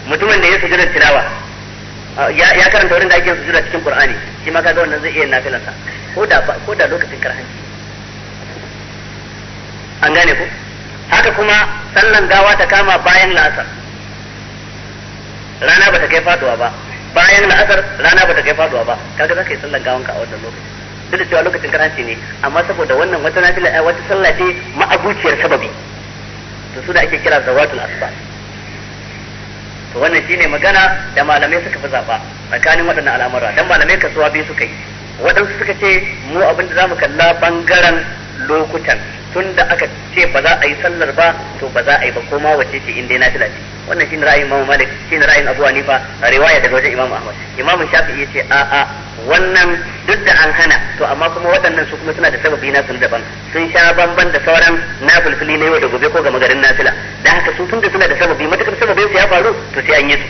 mutumin da ya sujudu tilawa ya karanta wurin da ake sujuda cikin qur'ani shi ma kaga wannan zai iya nafilan sa ko da ko da lokacin karhanci an gane ku haka kuma sallan gawa ta kama bayan la'asar rana bata kai faduwa ba bayan la'asar rana bata kai faduwa ba kaga zaka yi sallan gawanka a wannan lokacin duk da cewa lokacin karanci ne amma saboda wannan wata nafila eh, wata sallah ce ma'abuciyar sababi to su da ake kira zawatul asba to wannan shine magana da malamai suka fi zaba tsakanin waɗannan al'amura dan malamai kasuwa biyu suka yi waɗansu suka ce mu abin da zamu kalla bangaren lokutan tunda aka ce ba za a yi sallar ba to ba za a yi ba koma wace ce in dai nafila ce wannan shine ra'ayin Imam Malik shine ra'ayin Abu Hanifa riwaya daga wajen Imam Ahmad Imam Shafi'i yace a a wannan duk da an hana to amma kuma waɗannan su kuma suna da sababi na sun daban sun sha bamban da sauran nafilfili na yau da gobe ko ga magarin nafila da haka su tun da suna da sababi matakar sababin su ya faru to sai an yi su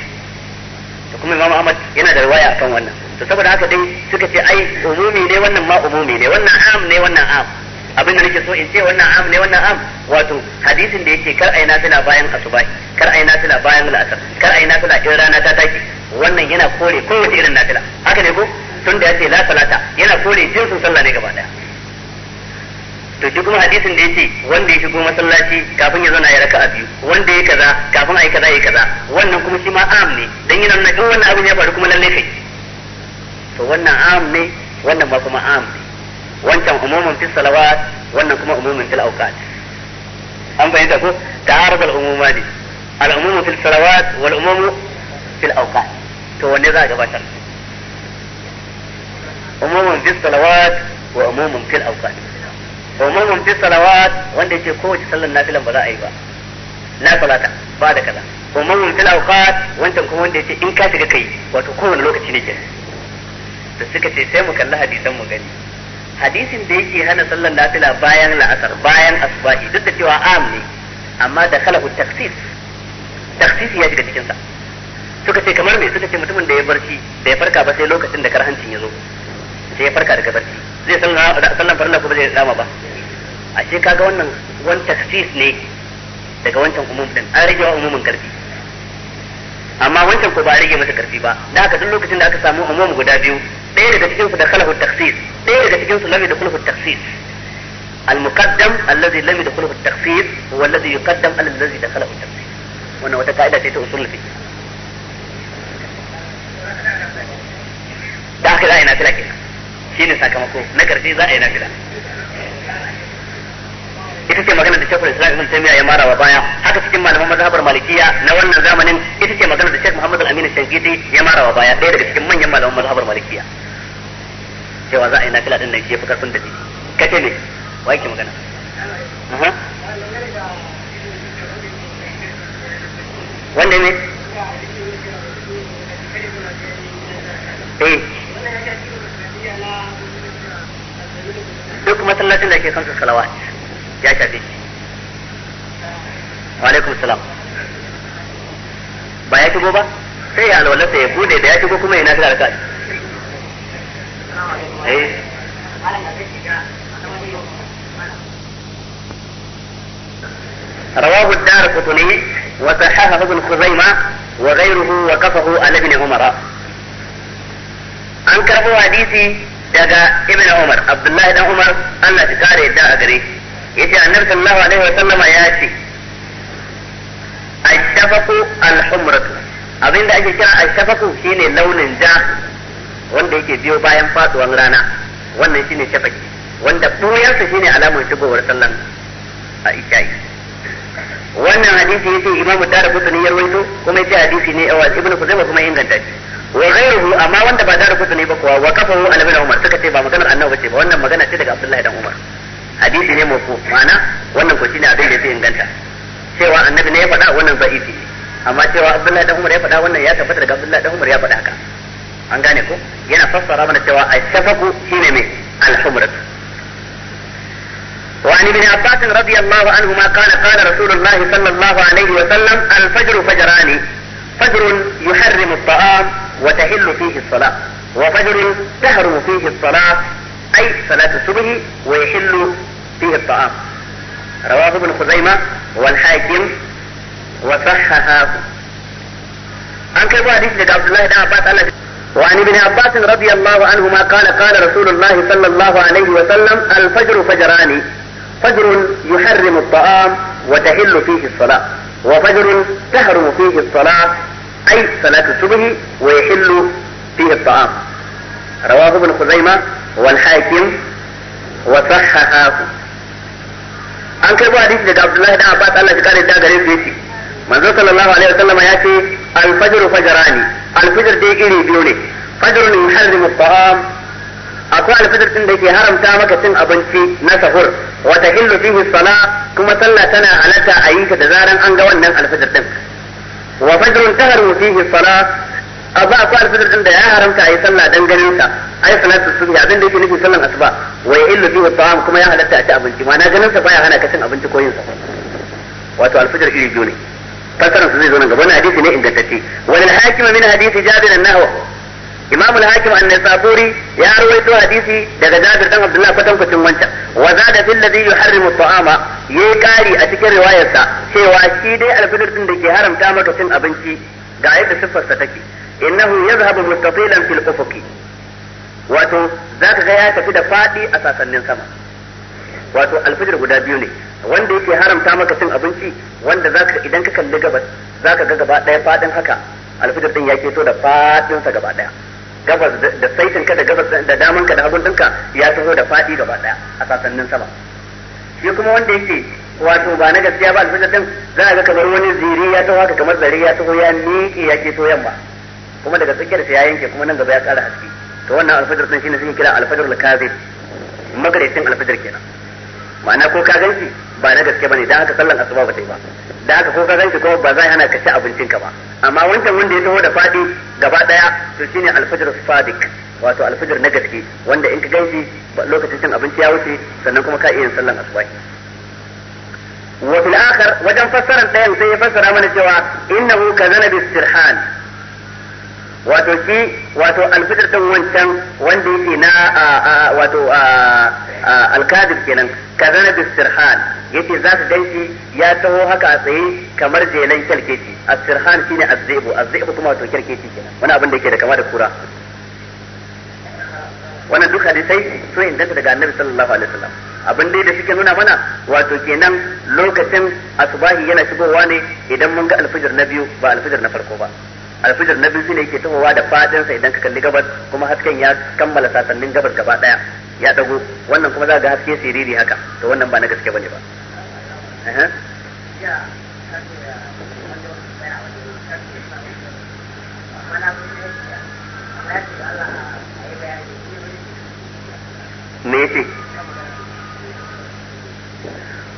to kuma Imam Ahmad yana da riwaya akan wannan to saboda haka dai suka ce ai umumi ne wannan ma umumi ne wannan am ne wannan am abinda nake so in ce wannan am ne wannan am wato hadisin da yake kar ai tana bayan asubai kar ai tana bayan al'asar kar ai tana in rana ta take wannan yana kore kowace irin nafila haka ne ko tun da yace la salata yana kore jinsin sallah ne gaba daya to duk kuma hadisin da yace wanda ya shigo masallaci kafin ya zauna ya raka a biyu wanda ya kaza kafin ai kaza ya kaza wannan kuma shi ma am ne dan yana nan in wannan abin ya faru kuma lalle kai to wannan am ne wannan ba kuma am ne wancan umumin fi salawat wannan kuma umumin fil awqat an bayyana ko ta'arud al umumani al umumu fil salawat wal umumu fil awqat to wanne za a gabatar umumin fi salawat wa umumin fil awqat umumin fi salawat wanda yake kowace sallar nafilan ba za a yi ba na salata ba da kaza umumin fil awqat wancan kuma wanda yake in ka shiga kai wato kowane lokaci ne ke to suka ce sai mu kalli hadisan mu gani hadisin da yake hana sallan lafila bayan la'asar bayan asbahi duk da cewa am ne amma da ku taksis taksis ya shiga cikinsa. suka ce kamar me suka ce mutumin da ya barci da ya farka ba sai lokacin da karhancin ya zo sai ya farka daga barci zai san sallan farilla ko ba zai dama ba ashe kaga wannan wani taksis ne daga wancan umumin din an rage wa umumin karfi amma wancan ko ba a rage masa karfi ba da haka duk lokacin da aka samu umum guda biyu ɗaya daga cikin su dakhalahu at-takhsis ɗaya daga cikin su lam yadkhuluhu at-takhsis al-muqaddam alladhi lam yadkhuluhu at-takhsis huwa alladhi yuqaddam ala alladhi dakhalahu at-takhsis wannan wata ka'ida ce ta usul fiqh da aka za a yi nafila ita ce magana da Sheikhul Islam Ibn Taymiyyah ya mara wa baya haka cikin malaman mazhabar Malikiya na wannan zamanin ita ce magana da Sheikh Muhammad Al-Amin al Shankiti ya mara wa baya ɗaya daga cikin manyan malaman mazhabar Malikiya cewa za a yi nafila din nan shi yafi karfin dalili kace ne wai ki magana wanda ne eh. duk masallacin da ke kansu Salawa ya shafi. shi wa alaikum salam ba ya shigo ba sai ya alwalarsa ya bude da ya shigo kuma ya nafila da alkaɗi إيه؟ رواه الدار قطني وصححه ابن خزيمة وغيره وقفه على ابن عمر عن أبو حديثي دقا ابن عمر عبد الله بن عمر أن تكاري دا يجي يتي النبي صلى الله عليه وسلم ياتي الشفق الحمرة اظن دا أجل الشفق شيني لون جاهز wanda yake biyo bayan faduwan rana wannan shine shafaki wanda ɓuyarsa shine alamar shigowar sallan a isha'i wannan hadisi yace imam darqutni ya rawaito kuma yace hadisi ne awa ibnu kuzaima kuma inganta shi wa ghayruhu amma wanda ba darqutni ba kuwa wa kafahu al ibn umar suka ce ba maganar annabi ce ba wannan magana ce daga abdullahi dan umar hadisi ne mawqu ma'ana wannan ko shine abin da yake inganta cewa annabi ne ya faɗa wannan ba'idi amma cewa abdullahi dan umar ya faɗa wannan ya tabbata daga abdullahi dan umar ya faɗa haka an gane ko yana fassara mana cewa ashafaku shine mai alhumratu وعن ابن عباس رضي الله عنهما قال قال رسول الله صلى الله عليه وسلم الفجر فجران فجر يحرم الطعام وتحل فيه الصلاة وفجر تهرم فيه الصلاة أي صلاة الصبح ويحل فيه الطعام رواه ابن خزيمة والحاكم وصححه عن كيف حديث عبد الله بن عباس وعن ابن عباس رضي الله عنهما قال قال رسول الله صلى الله عليه وسلم الفجر فجران فجر يحرم الطعام وتحل فيه الصلاة وفجر تحرم فيه الصلاة أي صلاة الصبح ويحل فيه الطعام رواه ابن خزيمة والحاكم وصححه an kai hadisi daga Abdullahi da Abbas Allah ya kare da gare shi manzo sallallahu alaihi wasallam ya ce al-fajru fajrani alfijir dai iri biyu ne fajrun yuharrimu at-ta'am akwai alfijir din da ke haramta maka cin abinci na sahur wa tahillu fihi salah kuma sallah tana halatta a yi ta da zaran an ga wannan alfijir din wa fajrun tahrimu fihi salah abba akwai alfijir din da ya haramta a yi sallah dan ganin sa ai salatu sunni abin da yake nufin sallan asuba wa illu fihi at-ta'am kuma ya halatta a ci abinci ma na ganin sa baya hana ka cin abinci ko yin sa wato alfijir iri biyu ne fasaran su zai zo nan gaba wannan hadisi ne ingantacce wal hakim min hadisi jabir an-nahwa imam al-hakim an-nisaburi ya rawaito hadisi daga jabir dan abdullah kwatan kwatan wancan waza da fil ladhi yuharrimu at yayi kari a cikin riwayarsa cewa shi dai alfidir din da ke haramta maka cin abinci ga yadda siffarsa take innahu yazhabu mustatilan fil ufuqi wato zaka ga ya tafi da faɗi a sasannin sama wato alfijir guda biyu ne wanda yake haramta maka cin abinci wanda zaka idan ka kalli gabas zaka ga gaba daya fadin haka alfijir din ya keto da fadin sa gaba daya gabas da saitin ka da gabas da daman ka da hagun dinka ya taho da fadi gaba daya a sasannin sama shi kuma wanda yake wato ba na gaskiya ba alfijir din za a ga kamar wani ziri ya taho haka kamar zari ya taho ya miƙe ya keto yamma kuma daga tsakiyar sa ya yanke kuma nan gaba ya ƙara haske to wannan alfajir din shine suke kira alfajir al-kazib magaritin alfajir kenan ma'ana ko ka ganshi ba na gaske bane dan haka sallan asuba ba ta yi ba da haka ko ka ganshi ko ba za hana ka ci abincin ka ba amma wancan wanda ya taho da fadi gaba daya to shine alfajr sadiq wato alfajr na gaske wanda in ka ganshi lokacin cin abinci ya wuce sannan kuma ka iya yin sallan asuba wa fil akhar wajen fassarar dayan sai ya fassara mana cewa innahu kazana bistirhan wato shi wato alfitar din wancan wanda yake na wato alkadir kenan kazana sirhan yake za su danki ya taho haka a tsaye kamar jelan kyalkeci asirhan shine azzebu azzebu kuma wato kyalkeci kenan wani abin da yake da kama da kura wannan duk hadisai sun inganta daga annabi sallallahu alaihi wasallam abin dai da ke nuna mana wato kenan lokacin asubahi yana shigowa ne idan mun ga alfijir na biyu ba alfijir na farko ba alfijir na biyu ne yake tahowa da fadin sa idan ka kalli gabas kuma hasken ya kammala sasannin gabas gaba daya ya dago wannan kuma za ga haske siriri haka to wannan ba na gaske bane ba me yake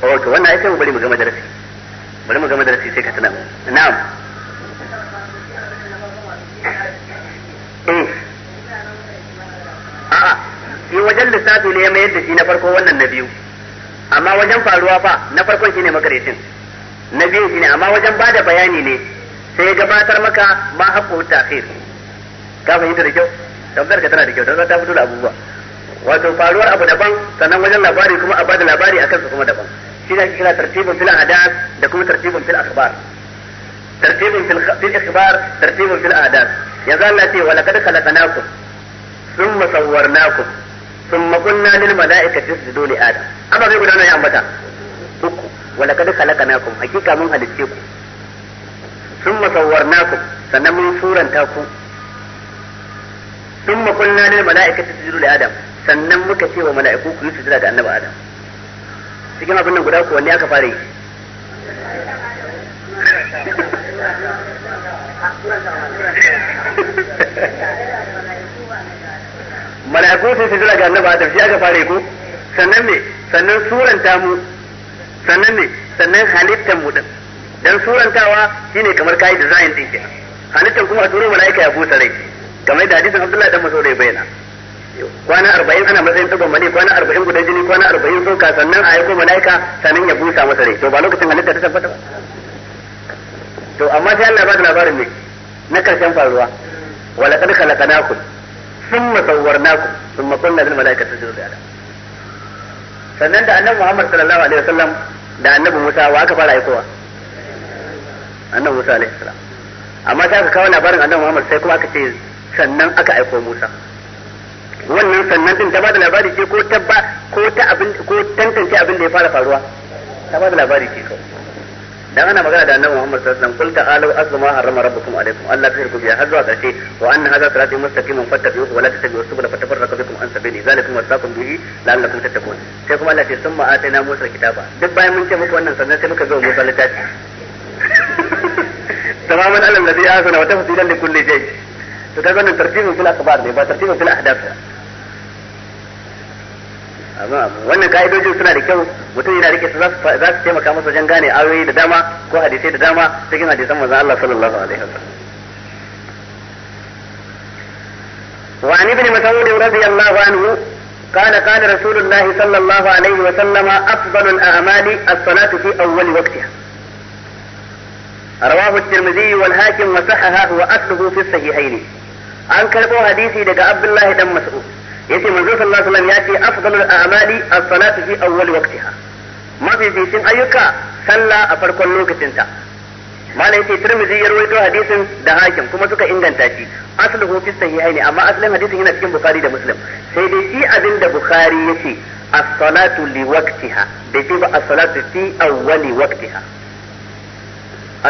oh to wannan ai sai mu bari mu ga madarasi bari mu ga madarasi sai ka tana na'am shi wajen lissafi ne ya mayar da shi na farko wannan na biyu amma wajen faruwa fa na farkon shine makarecin na biyu shine amma wajen bada bayani ne sai gabatar maka ma haqqu ta'khir ka fahimta da kyau tabbatar ka tana da kyau don ta fito da abubuwa wato faruwar abu daban sannan wajen labari kuma a bada labari a su kuma daban shi ne kira tartibin fil adas da kuma tartibin fil akhbar tartibin fil akhbar tartibin fil adas yanzu Allah ce wa laqad khalaqnakum thumma sawwarnakum thumma qulna lil mala'ikati isjudu li adam amma bai gudana ya ambata uku wala kad khalaqnakum hakika mun halicce ku thumma sawwarnakum sanan mun suranta ku thumma qulna lil mala'ikati isjudu li adam sanan muka ce wa mala'iku ku yi sujuda ga annabi adam cikin abin nan guda ku wanne aka fara yi mala'iku sun sujjada ga annaba Adam shi aka fara ko sannan me sannan suranta mu sannan me sannan halitta mu din dan surantawa shine kamar kai design din kenan halitta kuma a turo mala'ika ya busa rai kamar da hadisin Abdullahi dan Mas'ud ya bayyana kwana arba'in ana matsayin tsibon mani kwana arba'in gudan jini kwana arba'in soka sannan a aiko mala'ika sannan ya busa masa rai to ba lokacin halitta ta tabbata ba to amma sai Allah ba da labarin ne na karshen faruwa wala kad khalaqnakum thumma sawwarnakum thumma qulna lil malaikati isjudu li adam sannan da annabi Muhammad sallallahu alaihi wasallam da annabi Musa wa aka fara aikowa annabi Musa alaihi salam amma sai aka kawo labarin annabi Muhammad sai kuma aka ce sannan aka aiko Musa wannan sannan din ta bada labari ce ko tabba ko ta abin ko tantance abin da ya fara faruwa ta bada labari ce kawai dan ana magana da annabi Muhammad sallallahu alaihi wasallam kul ta'alu azma ma harrama rabbukum alaikum Allah ta yarku biya har zuwa kace wa anna hadha sirati mustaqimin fattabi'uhu wa la tattabi'u subula fatafarraqu bikum an sabili zalikum wasaqum bihi la'allakum tattaqun sai kuma Allah ce summa atayna Musa kitaba duk bayan mun ce muku wannan sannan sai muka zo Musa litafi tamaman alladhi ladhi asana wa tafsilan likulli kulli shay to kaga nan tartibin fil akhbar ne ba tartibin fil ahdath amma wannan ka'idojin suna da kyau mutum yana rike su za su taimaka masa wajen gane ayoyi da dama ko hadisai da dama cikin hadisan manzon Allah sallallahu alaihi wasallam wa ibn mas'ud radiyallahu anhu قال قال رسول الله صلى الله عليه وسلم أفضل الأعمال الصلاة في أول وقتها رواه الترمذي والهاكم وصححه وأصله في الصحيحين أنكر حديثي لك عبد الله بن مسعود yace manzo sallallahu alaihi wasallam yace afdalul a'mali as-salatu fi awwal waqtiha mafificin ayyuka sallah a farkon lokacinta malai yace tirmidhi ya rawaito hadisin da hakim kuma suka inganta shi asluhu fi sahihaini amma asalin hadisin yana cikin bukhari da muslim sai dai shi abin da bukhari yace as-salatu li waqtiha da shi ba as-salatu fi awwal waqtiha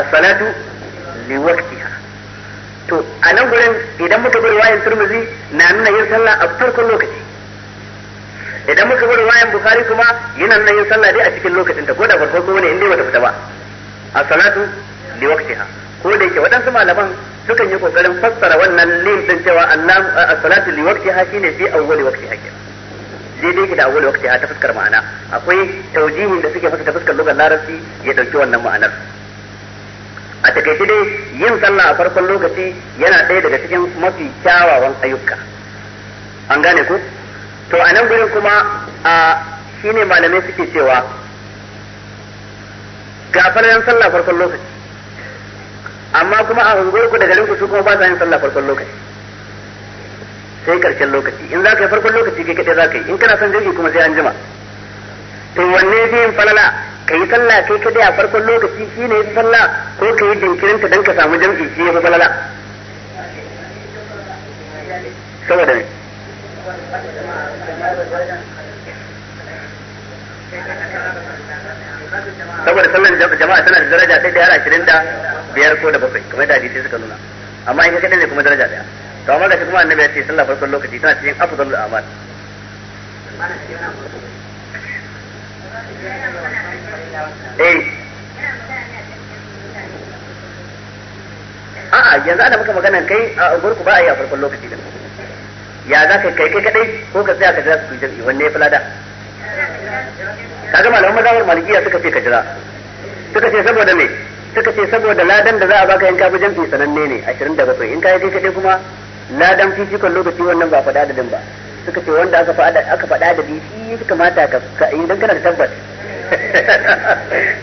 as-salatu li waqtiha to a nan gurin idan muka bi ruwayan turmuzi na nuna yin sallah a farkon lokaci idan muka bi ruwayan bukhari kuma yana nuna yin sallah dai a cikin lokacin ta ko da farko ko ne in dai bata fita ba a salatu li waqtiha ko da yake waɗansu malaman sukan yi kokarin fassara wannan lin din cewa annam as-salatu li waqtiha shine fi awwali waqtiha daidai ki da awwali ha ta fuskar ma'ana akwai taujihin da suke fasa ta fuskar lugar larabci ya dauki wannan ma'anar a takaice dai yin sallah a farkon lokaci yana ɗaya daga cikin mafi kyawawan ayyuka an gane ku to a nan gurin kuma a shine malamai suke cewa ga yan sallah farkon lokaci amma kuma a ku da garinku su kuma ba sa yin sallah farkon lokaci sai karshen lokaci in za ka yi farkon lokaci kai kaɗai za ka yi in kana son jirgi kuma sai an jima to wanne zai yin falala ka yi sallah kai ka a farkon lokaci shi ne yafi sallah ko ka yi jinkirinta don ka samu jam'i shi yafi falala saboda ne saboda sallan jama'a tana da daraja sai da yara ashirin da biyar ko da bakwai kamar da hadisi suka nuna amma in kaɗai ne kuma daraja ɗaya to amma ga shi kuma annabi ya ce sallah farkon lokaci tana cikin afdalul a'mal Eh. a'a yanzu ana maka magana kai a gurku ba a yi a farkon lokaci da ya za ka kai kai kadai ko ka tsaya ka jira su jirgi wanne ya fulada kaga malaman mazawar malikiya suka ce ka jira suka ce saboda me suka ce saboda ladan da za a baka yanka bi jami'i sananne ne 27 in ka yi kai kadai kuma ladan fifikon lokaci wannan ba faɗa din ba suka ce wanda aka faɗa faɗa da shi suka mata ka idan kana da tabbas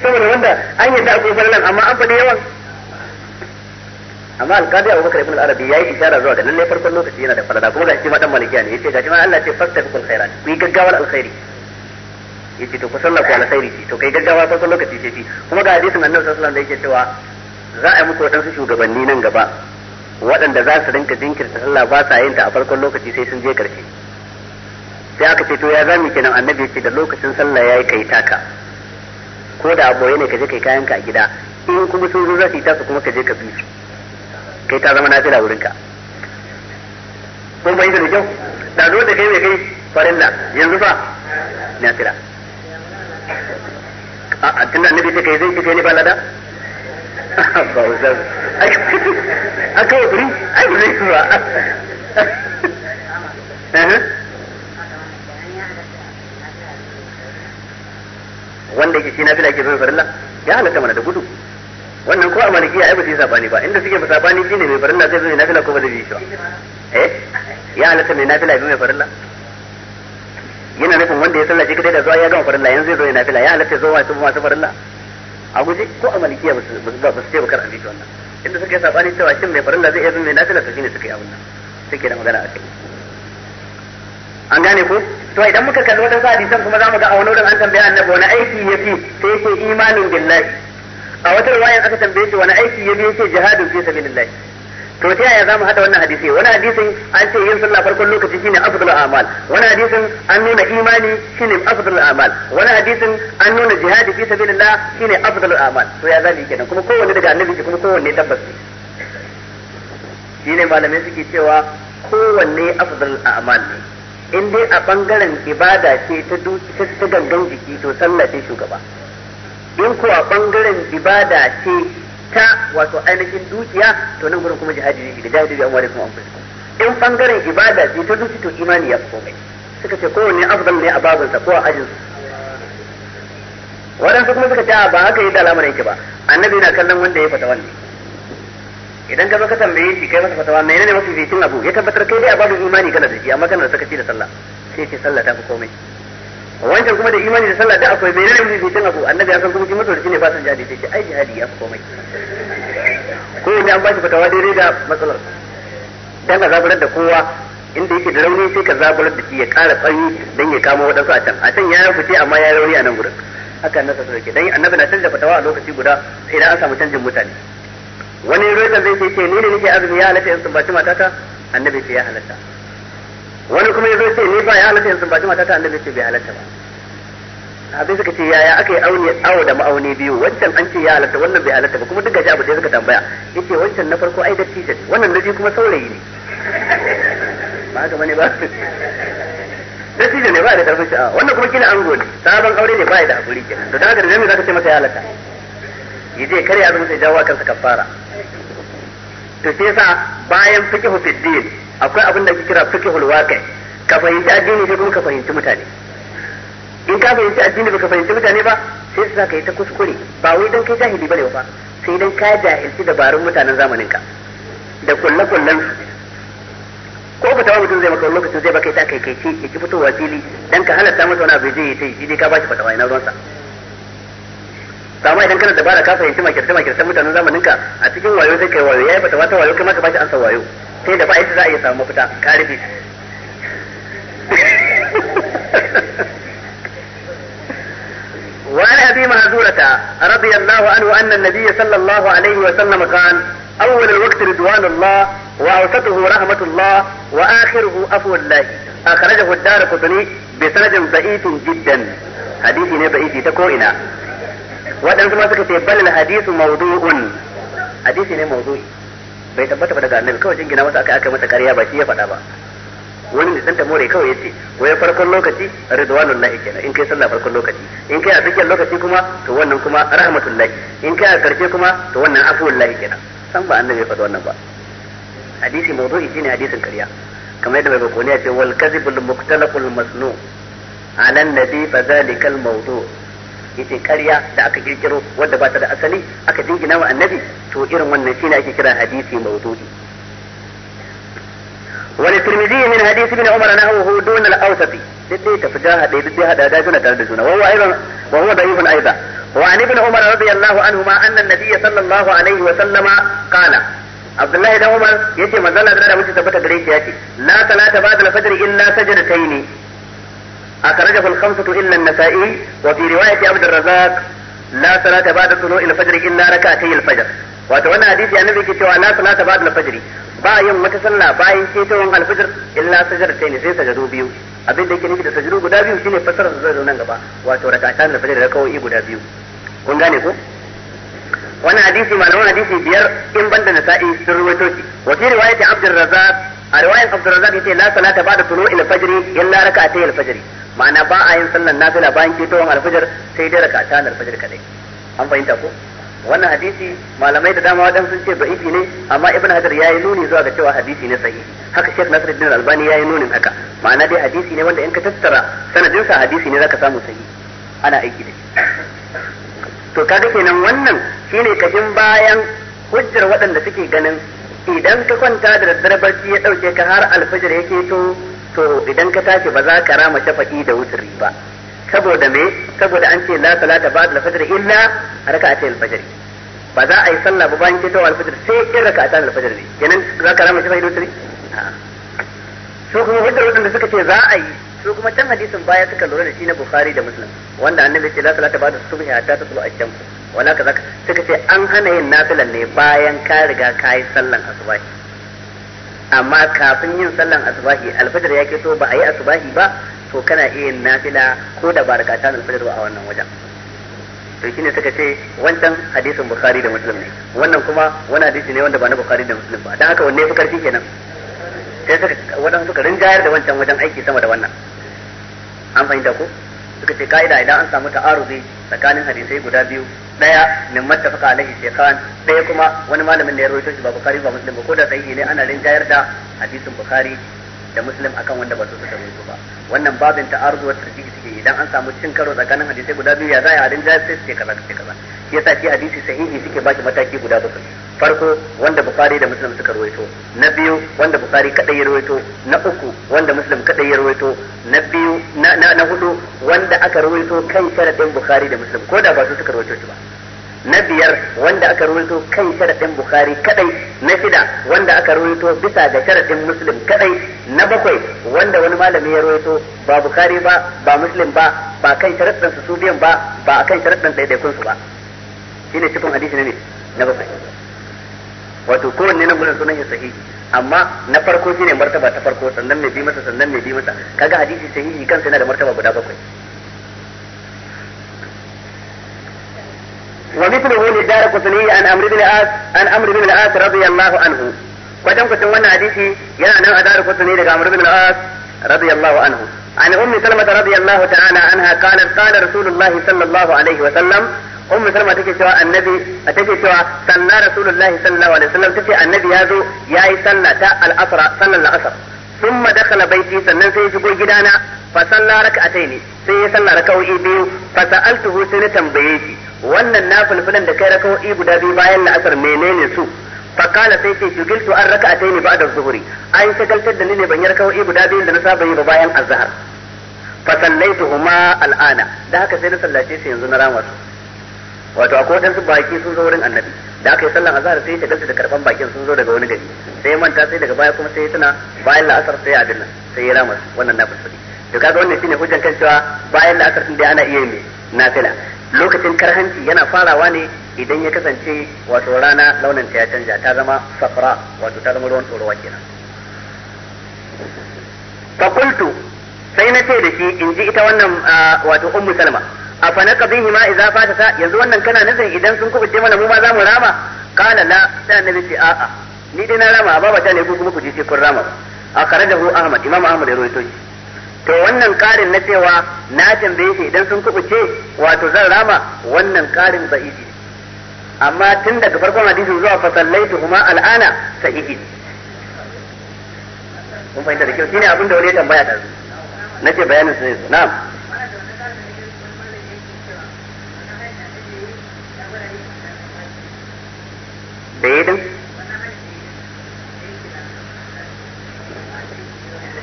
saboda wanda an yi da akwai nan amma an faɗi yawan amma alqadi Abu Bakar ibn al-Arabi yayi isharar zuwa ga lalle farkon lokaci yana da falala kuma ga shi ma malikiya ne yace ga ma Allah ce fastabiqul khairat ku yi gaggawar alkhairi yace to ku sallah ku alkhairi ce to kai gaggawa farkon lokaci ce shi kuma ga hadisin Annabi sallallahu alaihi wasallam da yake cewa za a yi muku wadansu shugabanni nan gaba waɗanda za su rinka jinkirta sallah ba sa yin ta a farkon lokaci sai sun je karshe sai aka ce to ya zami kenan annabi ce da lokacin sallah yayi kai taka ko da aboye ne ka je kai kayan ka a gida in kuma sun zo za su yi tasu kuma ka je ka bi su kai ta zama nafila wurin ka kun bai da kyau da zo da kai mai kai farilla yanzu fa nafila a tunda annabi ce kai zai ci kai ne balada lada ba uzan aka yi kuri ai ba zai ba wanda yake shi na fila ke bin farilla ya halatta mana da gudu wannan ko a malikiya ai ba su sabani ba inda suke ba sabani shine mai farilla zai zo mai nafila ko ba zai yi shi ba eh ya halatta mai nafila bi mai farilla yana nufin wanda ya sallace kadai da zuwa ya gama farilla yanzu zai zo mai nafila ya halatta zo masu masu farilla a guje ko a malikiya ba su ce bakar hadisi wannan inda suke sabani cewa shin mai farilla zai iya zo mai nafila to shine suka yi abin nan suke da magana a kai an gane ko to idan muka kalli wadansu hadisan kuma mu ga a wani wurin an tambaya annabi wani aiki fi ta yake imanin billahi a wata ruwayan aka tambaye shi wani aiki ya fi yake jihadin fi sabilillah to ta yaya mu hada wannan hadisi wani hadisin an ce yin sallah farkon lokaci shine afdal a'mal wani hadisin an nuna imani shine afdal a'mal wani hadisin an nuna jihadi fi sabilillah shine afdal a'mal to ya zabi kenan kuma kowanne daga annabi kuma kowanne tabbas shine malamai suke cewa kowanne afdal a'mal ne in dai a bangaren ibada ce ta dukiya ta gangan jiki to sallah ce shugaba in ko a bangaren ibada ce ta wato ainihin dukiya to nan gurin kuma jihadi ne da jihadi da kuma amfani in bangaren ibada ce ta dukiya to imani ya komai suka ce kowane afdal ne a sa ko a ajin waɗansu kuma suka ce ba haka yi da al'amarin ki ba annabi na kallon wanda ya fata wannan idan ka zo ka tambaye shi kai masa fatawa menene mafi fitin abu ya tabbatar kai dai a babu imani kana da shi amma kana da sakaci da sallah sai ce sallah ta fi komai wancan kuma da imani da sallah da akwai menene mafi fitin abu annabi ya san kuma shi mutum ne ba san jihadi sai ce ai jihadi ya fi komai ko wanda an bashi fatawa daidai da matsalar dan ka zaburar da kowa inda yake da rauni sai ka zaburar da shi ya kara tsayi dan ya kama wadansu a can a can ya fice amma ya rauni a nan gurin haka annabi sai dan annabi na canza fatawa a lokaci guda idan an samu canjin mutane wani roita zai ce ce ni ne nake azumi ya halatta in sumbaci matata annabi ce ya halatta wani kuma ya zo ce ni ba ya halatta in sumbaci matata annabi ce bai halatta ba abin suka ce yaya aka yi auni awo da ma'auni biyu wancan an ce ya halatta wannan bai halatta ba kuma duk gaji abu da suka tambaya yace wancan na farko ai da tijan wannan na biyu kuma saurayi ne ba haka bane ba da tijan ne ba da karfin sha'awa wannan kuma kina ango ne sabon aure ne ba da hakuri kenan to da haka da zaka ce masa ya halatta yaje kare zama sai jawo kansa kafara to sai sa bayan fiqhu fi din akwai abin da ake kira fiqhul waqi ka fahimci addini sai kuma ka fahimci mutane in ka fahimci addini ka fahimci mutane ba sai su ka yi ta kuskure ba wai dan kai jahili bane ba sai dan ka jahilci dabarun mutanen zamanin ka da kullu kullun ko ba tawa mutum zai maka lokacin zai baka ta kai kai ya ki fitowa fili dan ka halatta masa wani abu zai yi ta yi dai ka bashi fatawa ina sa. to amma idan kana dabara ka fahimci kirtama makircen mutanen zamanin ka a cikin wayo sai kai wayo yayi bata wata wayo kai ma ka bashi ansa wayo sai da ba yadda za a iya samu mafita ka rufe وعن ابي معذورة رضي الله عنه ان النبي صلى الله عليه وسلم قال اول الوقت رضوان الله واوسطه رحمة الله واخره عفو الله اخرجه الدار قطني بسند ضعيف جدا حديث ضعيف تكوئنا waɗansu ma suka ce bal hadisu mawdu'un hadisi ne mawdu'i bai tabbata ba daga annabi kawai jingina masa aka aka mata ƙarya ba shi ya faɗa ba wani da santa more kawai yace wai farkon lokaci ridwanullahi kenan in kai sallah farkon lokaci in kai a tsakiyar lokaci kuma to wannan kuma rahmatullahi in kai a karshe kuma to wannan afuwullahi kenan san ba annabi ya faɗa wannan ba hadisi mawdu'i shine hadisin ƙarya kamar yadda bai bakoni ya ce wal kadhibul muqtalaqul masnu ala an-nabi fa dhalika al-mawdu' yace ƙarya da aka kirkiro wadda ba ta da asali aka jingina wa annabi to irin wannan shine ake kira hadisi mawdu'i wani tirmidhi min hadisi ibn umar nahwuhu dun al-awsati dai ta fija hade dai hada da suna tare da juna. wa aidan wa huwa da'ifun aidan wa an ibn umar radiyallahu anhuma anna an-nabiy sallallahu alaihi wa sallama qala Abdullahi dan Umar yace manzon Allah da mutum tabbata gare shi yace la salata ba'da al-fajr illa sajdatayn أخرجه الخمسة إلا النسائي وفي رواية عبد الرزاق لا صلاة بعد طلوع الفجر إلا ركعتي الفجر wato wannan hadisi annabi ke cewa la salata ba'da al-fajr ba yin wata sallah bayan ketowar al-fajr illa sajdatayn sai sajadu biyu abin da yake nufi da sajadu guda biyu shine fasara da zai zo nan gaba wato rak'atan al-fajr da kawai guda biyu kun gane ko wannan hadisi malaman hadisi biyar in banda nasa'i sun ruwaito shi wa fi riwayati abdur razzaq a riwayan abdur razzaq ma'ana ba a yin sallar nafila bayan ketowar alfajir sai dai raka ta alfajir kadai an fahimta ko wannan hadisi malamai da dama wadan sun ce da'ifi ne amma ibn hajar yayi nuni zuwa ga cewa hadisi ne sahihi haka sheikh nasiruddin albani yayi nunin haka ma'ana dai hadisi ne wanda in ka tattara sanadin sa hadisi ne zaka samu sahihi ana aiki da shi to kaga kenan wannan shine kashin bayan hujjar waɗanda suke ganin idan ka kwanta da daddare barci ya dauke ka har alfajar yake to to idan ka tashi ba za ka rama shafaki da wutri ba saboda me saboda an ce la salata ba da fajr illa raka'atai al-fajr ba za a yi sallah ba bayan fitowar al-fajr sai in raka'atai al-fajr ne kenan za ka rama shafaki da wutri su kuma hujjar wadanda suka ce za a yi su kuma can hadisin baya suka lura da shi na Bukhari da Muslim wanda annabi ce la salata ba da subhi hatta tatlu ash-shams wala kaza suka ce an hana yin nafilan ne bayan ka riga ka yi sallan asubahi amma kafin yin sallan asubahi alfajar ya keto ba a yi asubahi ba to kana iya yin nafila ko da ba rakata alfajar ba a wannan wajen to shine suka ce wancan hadisin bukhari da muslim ne wannan kuma wani hadisi ne wanda ba na bukhari da muslim ba dan haka wanne fi karfi kenan sai suka wadansu suka rinjayar da wancan wajen aiki sama da wannan an fahimta ko suka ce ka'ida idan an samu ta'aruzi tsakanin hadisai guda biyu daya min mattafaqa alaihi shaykhan daya kuma wani malamin da ya rawaito shi ba bukhari ba muslim ba ko da sahihi ne ana rinjayar da hadisin bukhari da muslim akan wanda ba su da rawaito ba wannan babin ta'arudu wa tarjihi suke idan an samu cin karo tsakanin hadisai guda biyu ya za a rinjayar sai su ce kaza sai kaza shi yasa shi hadisi sahihi suke ba shi mataki guda bakwai farko wanda bukhari da muslim suka ruwaito na biyu wanda bukhari kadai ya ruwaito na uku wanda muslim kadai ya ruwaito na biyu na na, hudu wanda aka ruwaito kan sharadin bukhari da muslim ko da ba su suka ruwaito ba na biyar wanda aka ruwaito kan sharadin bukhari kadai na shida wanda aka ruwaito bisa ga sharadin muslim kadai na bakwai wanda wani malami ya ruwaito ba bukhari ba ba muslim ba ba kan sharadin su su biyan ba ba kan sharadin daidaikun su ba shine cikin hadisi ne na bakwai wato kowanne nan gurin sunan sahihi amma na farko shine martaba ta farko sannan mai bi masa sannan mai bi masa kaga hadisi sahihi kansa yana da martaba guda bakwai ومثله للدار قطني عن عمرو بن العاص عن عمرو بن العاس رضي الله عنه kwatan kwatan wannan hadisi yana nan a daru kwatan daga Amr ibn al-As radiyallahu anhu an ummi Salma radiyallahu ta'ala anha qalat qala Rasulullahi sallallahu alaihi wa sallam ummu salma take cewa annabi take cewa sallah rasulullahi sallallahu alaihi wasallam take annabi ya zo ya yi sallah ta al-asra sallar al-asr thumma baiti sannan sai ya gida na fa sallah rak'ataini sai ya sallah rak'o'i biyu fa sa'altuhu sai na tambaye shi wannan nafilfilan da kai rak'o'i guda biyu bayan la'asar menene su fakala sai ce shugiltu an raka'ataini da zuhuri an shagaltar da ni ne ban yi rak'o'i guda biyu da na saba yi ba bayan azhar fa sallaituhuma al'ana da haka sai na sallace su yanzu na rama wato akwai wadansu baki sun zo wurin annabi da aka yi sallan azhar sai ta galta da karban bakin sun zo daga wani gari sai manta sai daga baya kuma sai tana bayan la'asar sai abin nan sai ya rama wannan na fasari to kaga wannan shine hujjan kan cewa bayan la'asar din da ana iya yi fila lokacin karhanci yana farawa ne idan ya kasance wato rana launin ta ya canja ta zama safra wato ta zama ruwan tsorowa kenan fakultu sai na ce da shi in ji ita wannan ah, wato ummu salma ka bihi ma idza ta yanzu wannan kana nufin idan sun kubuce mana mu ma za mu rama kana la sai annabi ce a'a ni dai na rama a baba ta ne ku kuma ku je sai kun rama hu ahmad imam ahmad ya roito shi to wannan karin na cewa na tambaye shi idan sun kubuce wato zan rama wannan karin idi amma tun daga farkon hadisin zuwa fa sallaitu huma al'ana sahihi kun fahimta da kyau shine abin da wani ya tambaya da na ce bayanin sai na'am da ya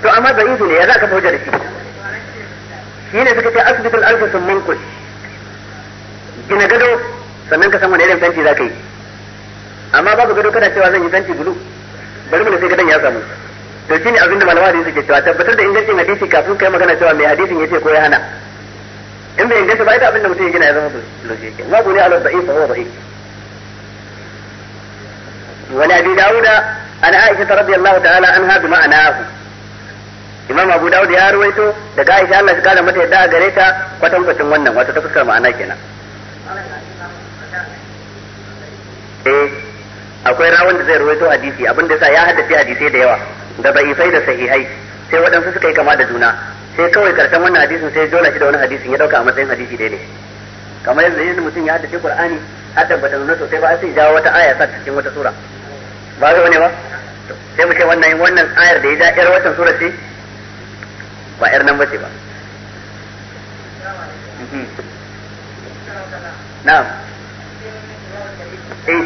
to amma da izu ne ya za ka fauja da shi shi ne suka ce asibitul alfa sun mankul gina gado sannan ka san wani irin fenti za ka yi amma babu gado kada cewa zan yi fenti bulu bari mu da sai gadon ya samu to shi ne abin da malama hadisi ke cewa tabbatar da ingancin hadisi kafin kai magana cewa mai hadisin ya ce ko ya hana in bai ingancin ba ita abin da mutum ya gina ya zama dole ke ma gune alal da'if fa huwa da'if ولأبي داود عن عائشة رضي الله تعالى عنها بمعناه imam abu dawud ya ruwaito daga aisha Allah ya kara mata yadda a gare ta kwatan kwatan wannan wato ta fuskar ma'ana kenan eh akwai rawan da zai ruwaito hadisi abin da yasa ya haddace hadisai da yawa da ba'i sai da sahihai sai waɗansu suka yi kama da juna sai kawai karshen wannan hadisin sai jola shi da wani hadisin ya dauka a matsayin hadisi daidai kamar yanzu yanzu mutum ya haddace qur'ani hadda bata nuna sosai ba sai jawo wata aya sa cikin wata sura ba zo ne ba sai mu ce wannan wannan ayar da ya ja yar watan sura ce ba yar nan bace ba na'am eh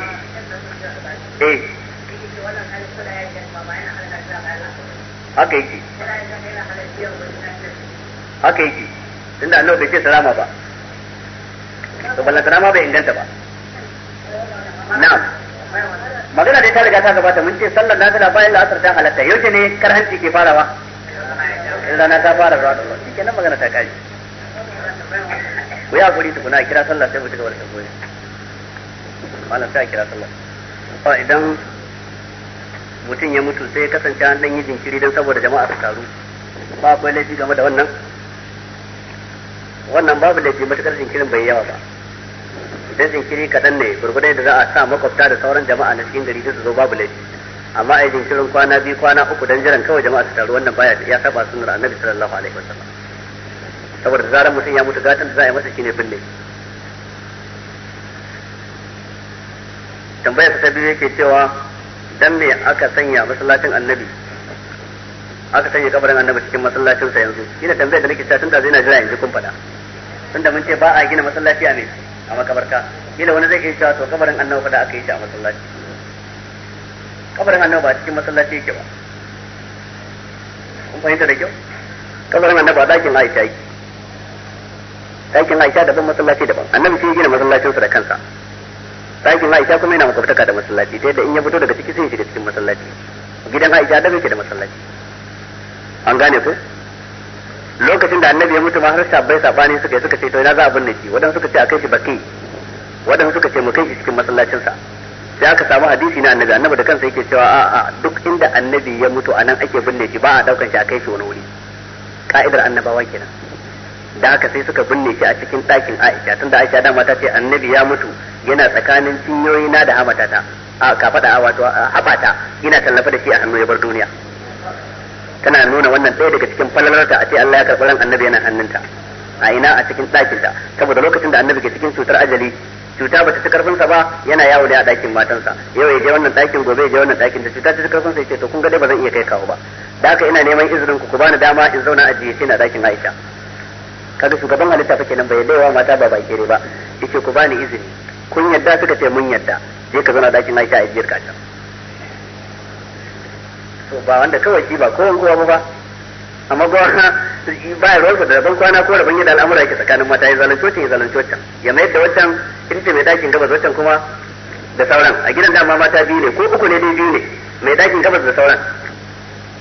eh haka yake haka yake tunda annabi bai ce salama ba to ballantana ma bai inganta ba na'am magana dai ta riga ta gabata mun ce sallar nafila bayan la'asar ta halatta yau ne hanci ke farawa in rana ta fara zuwa da shi kenan magana ta kaji. ku yi tukuna a kira sallah sai mutu ci gaba da tambayoyi malam sai a kira sallah fa idan mutum ya mutu sai ya kasance an dan yi jinkiri don saboda jama'a su taru ba akwai laifi game da wannan wannan babu laifi matukar jinkirin bai yawa ba dan jinkiri kaɗan ne gurgudai da za a sa makwabta da sauran jama'a na cikin gari su zo babu laifi amma ai jinkirin kwana biyu kwana uku dan jiran kawai jama'a su taru wannan baya ya saba sunnar annabi sallallahu alaihi wasallam saboda zaran mutum ya mutu gatan da za a yi masa shine binne tambayar ta biyu yake cewa dan me aka sanya masallacin annabi aka sanya kabarin annabi cikin masallacin sa yanzu ina tambayar da nake cewa tun zai na jira yanzu kun faɗa tunda mun ce ba a gina masallaci a ne a makabarta kila wani zai iya cewa to kabarin annabi fa da aka yi shi a masallaci kabarin annabi ba cikin masallaci yake ba kun fahimta da kyau kabarin annabi a dakin Aisha yake dakin Aisha ban masallaci daban annabi sai gina masallacin sa da kansa dakin Aisha kuma yana makabarta da masallaci sai da in ya fito daga ciki sai ya shiga cikin masallaci gidan Aisha da yake da masallaci an gane ko lokacin da annabi ya mutu ma har sabbai sabani suka yi suka ce to ina za a binne shi wadan suka ce a shi baki wadan suka ce mu kai shi cikin masallacin sa sai aka samu hadisi na annabi annabi da kansa yake cewa a a duk inda annabi ya mutu anan ake binne shi ba a daukan shi a shi wani wuri ka'idar annabawa kenan da haka sai suka binne shi a cikin ɗakin Aisha tunda Aisha dama ta ce annabi ya mutu yana tsakanin cinyoyi na da hamatata a kafada wato habata yana tallafa da shi a hannu ya bar duniya tana nuna wannan ɗaya daga cikin falalarta a ce Allah ya karɓi ran annabi yana hannunta a ina a cikin ɗakinta saboda lokacin da annabi ke cikin cutar ajali cuta bata ci karfinsa ba yana yawo da a ɗakin matansa yau ya je wannan ɗakin gobe ya je wannan ɗakin da cuta ta ci karfinsa ya ce to kun ga dai ba zan iya kai kawo ba da haka ina neman izinin ku ku bani dama in zauna a jiyace na ɗakin Aisha kaga shugaban halitta fa kenan bai yadda wa mata ba bakire ba yace ku bani izini kun yadda suka ce mun yadda je ka zauna ɗakin Aisha a jiyar ka can ba wanda kawai shi ba kowan kowa ba amma ba ba ruwan da ban kwana ko rabon yadda al'amura yake tsakanin mata ya zalunce ta ya zalunce ta ya mayar da wancan ita mai dakin gabas wancan kuma da sauran a gidan dama mata biyu ne ko uku ne dai biyu ne mai dakin gabas da sauran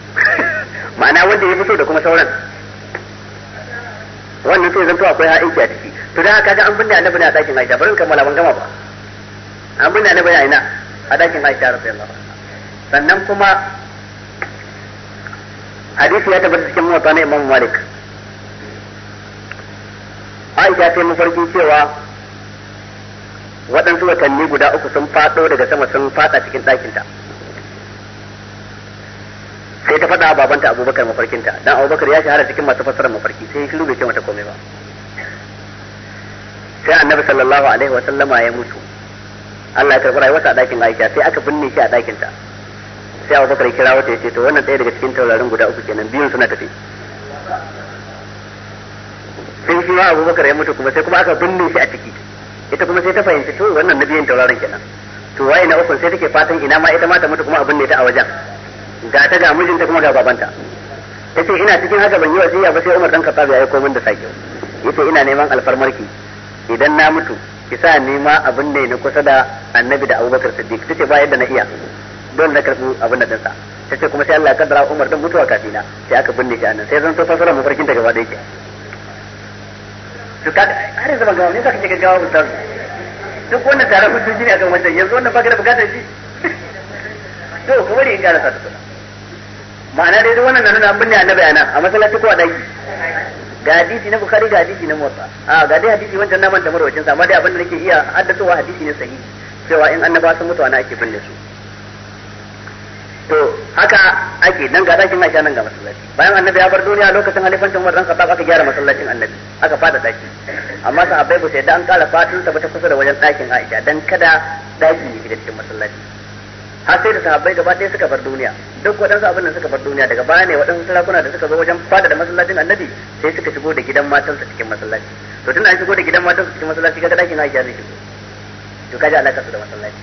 ma'ana wanda ya fito da kuma sauran wannan sai zan to akwai ki a ciki to da haka ga an binne annabi ne a dakin Aisha barin kammala ban gama ba an binne annabi ne a ina a dakin Aisha radiyallahu anha sannan kuma hadisi ya tabbata cikin mota na Imam Malik Aisha ta yi mafarki cewa waɗansu watanni guda uku sun faɗo daga sama sun faɗa cikin ɗakinta sai ta faɗa babanta abubakar mafarkinta dan abubakar ya shahara cikin masu fassara mafarki sai shiru bai ce mata komai ba sai annabi sallallahu alaihi wa sallama ya mutu Allah ya karɓi rayuwarsa a ɗakin Aisha sai aka binne shi a ɗakinta ta sai Abu Bakar kira wata yace to wannan ɗaya daga cikin taurarin guda uku kenan biyun suna tafi sai shi ma Abu Bakar ya mutu kuma sai kuma aka binne shi a ciki ita kuma sai ta fahimci to wannan na biyun taurarin kenan to waye na ukun sai take fatan ina ma ita ma ta mutu kuma a binne ta a wajen ga ta ga mijinta kuma ga babanta yace ina cikin haka ban yi wasiya ba sai Umar dan Khattab ya aika min da sake yace ina neman alfarmarki idan na mutu ki sa ni ma ya na kusa da Annabi da Abubakar Siddiq tace ba yadda na iya don na karfi abin da dinsa ta ce kuma sai Allah ya kaddara Umar dan mutuwa kafina sai aka binne shi anan sai zan so fasara mafarkin ta gaba da yake ka har yanzu ban ga wani zaka kike gawo ustaz duk wannan tare hujjoji ne akan wannan yanzu wannan baka da bukatar shi to ko wani in karasa ta ma'ana dai duk wannan nan an binne annabi anan a masallaci ko a daki ga hadisi na bukhari ga hadisi na motsa a ga dai hadisi wancan naman da marwacin sa amma dai abin da nake iya haddacewa hadisi ne sahihi cewa in annabawa sun mutu ana ake binne su to haka ake nan ga dakin Aisha nan ga masallaci bayan annabi ya bar duniya lokacin halifancin Umar dan Khattab aka gyara masallacin annabi aka fada daki amma sahabbai ba su yadda an kala fatin ta bata kusa da wajen dakin Aisha dan kada daki ya fita cikin masallaci har sai da sahabbai gaba ɗaya suka bar duniya duk waɗansu abin nan suka bar duniya daga baya ne waɗansu sarakuna da suka zo wajen fada da masallacin annabi sai suka shigo da gidan matansa cikin masallaci to tunda an shigo da gidan matansa cikin masallaci kaga dakin Aisha zai shigo to kaji alaƙa su da masallaci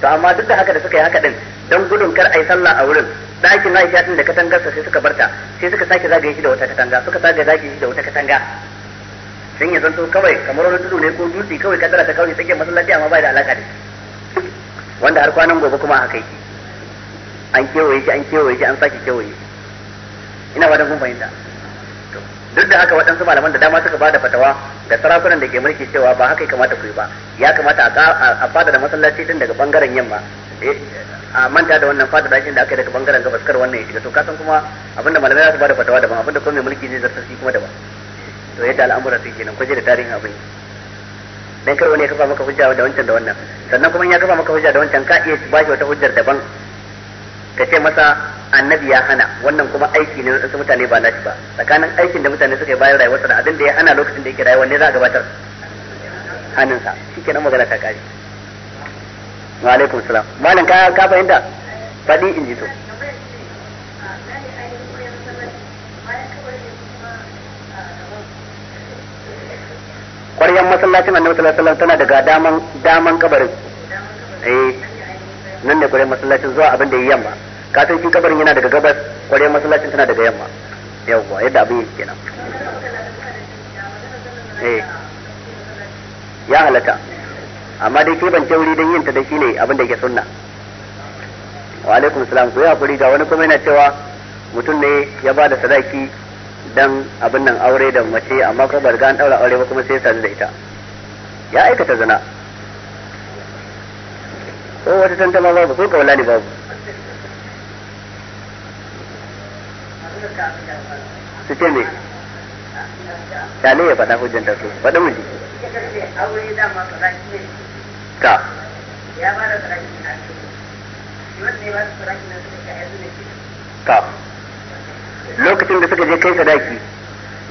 to amma duk da haka da suka yi haka din don gudun kar a yi sallah a wurin ɗakin isha din da katangarsa sai suka barta sai suka sake zagaye shi da wata katanga suka sake zagaye shi da wata katanga sun yi zanto kawai kamar wani tudu ne ko dutse kawai kadara ta kawai tsakiyar masallaci amma ba da alaka da wanda har kwanan gobe kuma haka yake an kewaye shi an kewaye shi an sake kewaye shi ina wadan kun fahimta duk da haka waɗansu malaman da dama suka bada fatawa da sarakunan da ke mulki cewa ba haka ya kamata ku yi ba ya kamata a fada da masallaci din daga bangaren yamma eh, a manta da wannan fata dashin da aka yi daga bangaren gabas kar wannan ya shiga to kasan kuma abinda malamai za su bada fatawa daban abinda kuma mai mulki zai zartar shi kuma daban to yadda al'amura su kenan kwaje da tarihin abin dan kar wani ya kafa maka hujja da wancan da wannan sannan kuma in ya kafa maka hujja da wancan ka iya ba shi wata hujjar daban ka ce masa annabi ya hana wannan kuma aiki ne na mutane ba nashi ba tsakanin aikin da mutane suka yi bayan rayuwarsa da abin da ya hana lokacin da yake rayuwa ne za a gabatar hannunsa shi kenan magana ta kare wa alaikum salam malam ka ka fahimta fadi in ji to kwaryan masallacin annabi sallallahu alaihi wasallam tana daga daman daman kabarin eh nan ne kwaryan masallacin zuwa abin da yi yamma ka san shi kabarin yana daga gabas kwaryan masallacin tana daga yamma yawwa yadda abin yake kenan eh ya halatta amma dai ke ban tauri don yin ta da shi ne abin da yake sunna wa alaikum salam ko hakuri ga wani kuma yana cewa mutum ne ya ba da sadaki dan abin nan aure da mace amma ko ba ga an daura aure ba kuma sai ya sadu da ita ya aikata zina ko wata tantama babu ko kawala ne babu su ce me ne ya faɗa hujjantar su faɗi mu ji dama ne ka ya ba da saraki na wanda ya ba da saraki na suka ya zuwa ka lokacin da suka je kai sadaki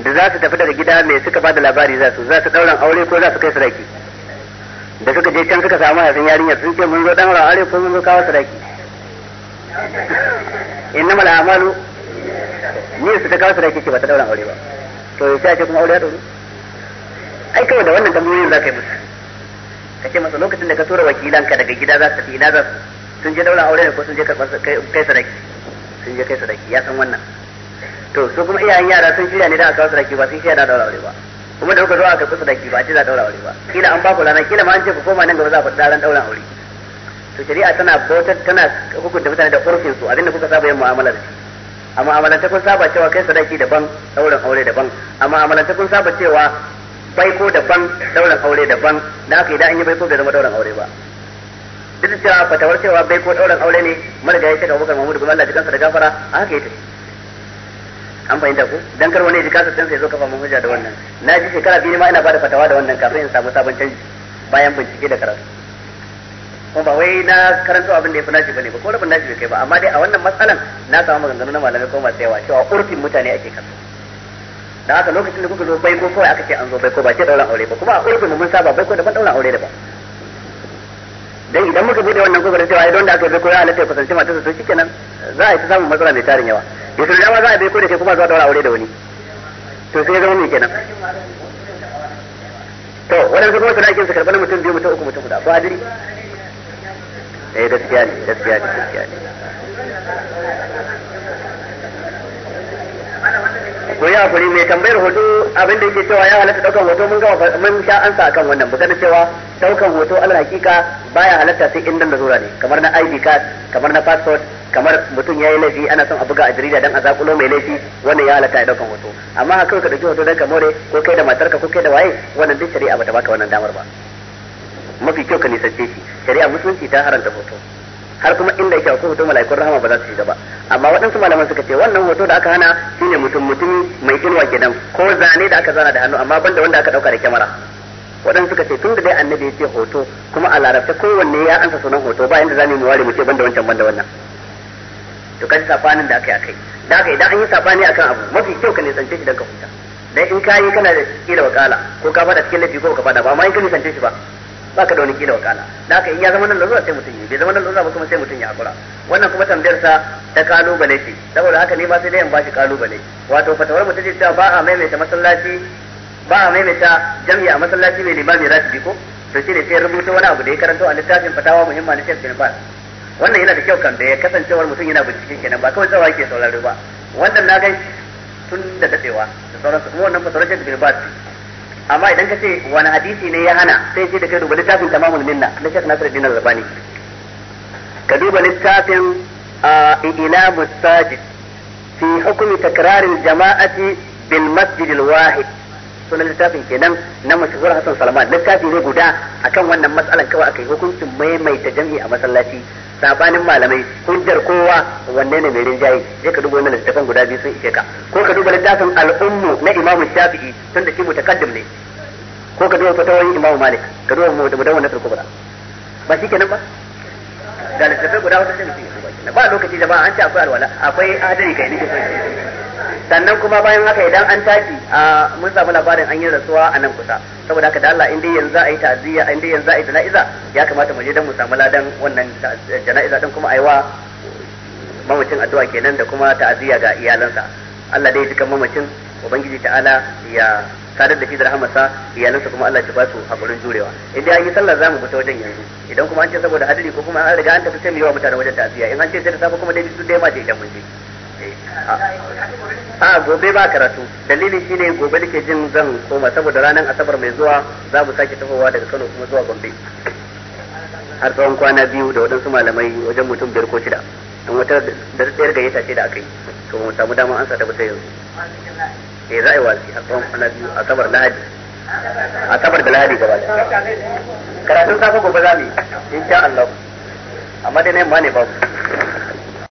da za su tafi daga gida mai suka bada labari za su za su dauran aure ko za su kai sadaki da suka je can suka samu hasin yarinya sun ce mun zo ɗan aure ko mun zo kawo sadaki inna mala amalu ni su ta kawo sadaki ce ba ta dauran aure ba to ya ce kuma aure ya ɗauru ai kawai da wannan tambayoyin za ka yi musu ka ce masa lokacin da ka tura wakilanka daga gida za su tafi ina za su sun je daular aure ne ko sun je karɓar kai sadaki sun je kai sadaki ya san wannan to su kuma iyayen yara sun shirya ne da aka kawo sadaki ba sun shirya da daura aure ba kuma da kuka zo aka kusa sadaki ba a ce za a daura aure ba kila an ba ku rana kila ma an ce ku koma nan gaba za a faɗi daren daura aure to shari'a tana bautar tana hukunta mutane da ƙorfin su abinda kuka saba yin mu'amala da shi amma amalanta kun saba cewa kai sadaki daban daurin aure daban amma amalanta kun saba cewa baiko daban dauran aure daban da yi da an yi baiko bai zama dauran aure ba duk da cewa fatawar cewa baiko dauran aure ne malaga ya ce ga Abubakar mamudu kuma Allah kansa da gafara a haka yake an fahimta ko dan kar wani ya ji kasa sai ya zo kafa mun hujja da wannan na ji shekara biyu ma ina da fatawa da wannan kafin in samu sabon canji bayan bincike da karatu kuma ba wai na karanta abin da ya fi nashi bane ba ko rabin nashi bai kai ba amma dai a wannan matsalan na samu maganganu na malamai ko masu yawa cewa urfin mutane ake kasu da haka lokacin da kuka zo bai ko kawai aka ce an zo bai ko ba ce dauran aure ba kuma akwai urfin mun saba bai ko da ban dauran aure da ba dan idan muka bude wannan kokarin cewa idan da aka zo ko ya halatta ya mata su to shikenan za a yi ta samun matsala mai tarin yawa yanzu dama za a bai ko da ke kuma zuwa daura aure da wani to sai zama mai kenan to waɗansu kuma sadakin su karɓar mutum biyu mutum uku mutum huɗu ko adiri eh gaskiya ne gaskiya ne gaskiya ne ko ya kuri mai tambayar hoto abin da yake cewa ya halatta daukan hoto mun gama mun sha ansa akan wannan ba kana cewa daukan hoto alal hakika baya halatta sai indan da zura ne kamar na ID card kamar na passport kamar mutum yayi laifi ana son a buga a jarida dan a zakulo mai laifi wannan ya halatta ya daukan hoto amma haka ka dauki hoto dan ka more ko kai da matarka ko kai da waye wannan duk shari'a bata baka wannan damar ba mafi kyau ka nisance shi shari'a musulunci ta haranta hoto har kuma inda yake akwai hoton mala'ikun rahama ba za su shiga ba amma waɗansu malaman suka ce wannan hoto da aka hana shine mutum mutum mai inuwa kenan ko zane da aka zana da hannu amma banda wanda aka ɗauka da kyamara waɗansu suka ce tun da dai annabi ya ce hoto kuma a larabta kowanne ya ansa sunan hoto ba yanda zane mu ware mu ce banda wancan banda wannan to kaji safanin da aka yi akai da aka idan an yi safani akan abu mafi kyau ka nisance shi dan ka huta dan in kayi kana da kila wakala ko ka fada cikin laifi ko ka fada ba amma in ka nisance shi ba baka da wani kila wakala da haka in ya zama nan lalura sai mutum yi bai zama nan lalura ba kuma sai mutum ya akura wannan kuma tambayar sa ta kalubale ce saboda haka ne ma sai dai in bashi kalubale wato fatawar mutum ce ba a maimaita masallaci ba a maimaita jam'i a masallaci mai limami ratibi ko to ne sai rubuta wani abu da ya karanto a littafin fatawa muhimma na Sheikh bin Baz wannan yana da kyau kan da ya kasancewar mutum yana bincike kenan ba kawai tsawa yake sauraro ba wannan na gan tun da dadewa da sauransu kuma wannan fasarar Sheikh bin amma idan ka ce wani hadisi ne ya hana sai ce da ka duba littafin tamamul minna na Sheikh Nasiruddin Al-Albani ka duba littafin ila musajid fi hukumi takrarin jama'ati bil masjid al-wahid sunan littafin kenan na mashhur Hassan Salman littafi ne guda akan wannan matsalan kawai akai hukuncin maimaita jami'a a masallaci sabanin malamai hujjar kowa wanne ne mai rinjaye sai ka duba wannan littafin guda biyu sun ishe ka ko ka duba littafin al'ummu na Imam Shafi'i da shi mutakaddim ne ko ka duba fatawar Imam Malik ka duba mudawwan nasr kubra ba shi kenan ba ga littafin guda wata sai mutum ba lokaci jama'a an ce akwai alwala akwai adari kai ne ke so sannan kuma bayan haka idan an tashi a mun samu labarin an yi rasuwa a nan kusa saboda haka da Allah in dai yanzu a yi ta'aziyya in dai yanzu a yi jana'iza ya kamata mu je dan mu samu ladan wannan jana'iza din kuma aiwa mamacin addu'a kenan da kuma ta'ziya ga iyalansa Allah dai dukan mamacin ubangiji ta'ala ya sadar da shi da rahamarsa iyalansa kuma Allah ya ba su hakurin jurewa idan an yi sallah zamu fita wajen yanzu idan kuma an ce saboda hadari ko kuma an riga an tafi sai mu yi wa mutane wajen ta'ziya in an ce sai da safa kuma dai duk dai ma je idan mun je a gobe ba karatu dalilin shine gobe nake jin zan koma saboda ranar asabar mai zuwa za mu sake tafowa daga Kano kuma zuwa Gombe har tsawon kwana biyu da waɗansu malamai wajen mutum biyar ko shida don wata da tsayar gayyata ce da aka yi to mu samu dama an sa ta bata yanzu eh za a yi wasi har tsawon kwana biyu asabar lahadi asabar da lahadi gaba da karatun safe gobe za mu yi sha Allah amma dai na yamma ne babu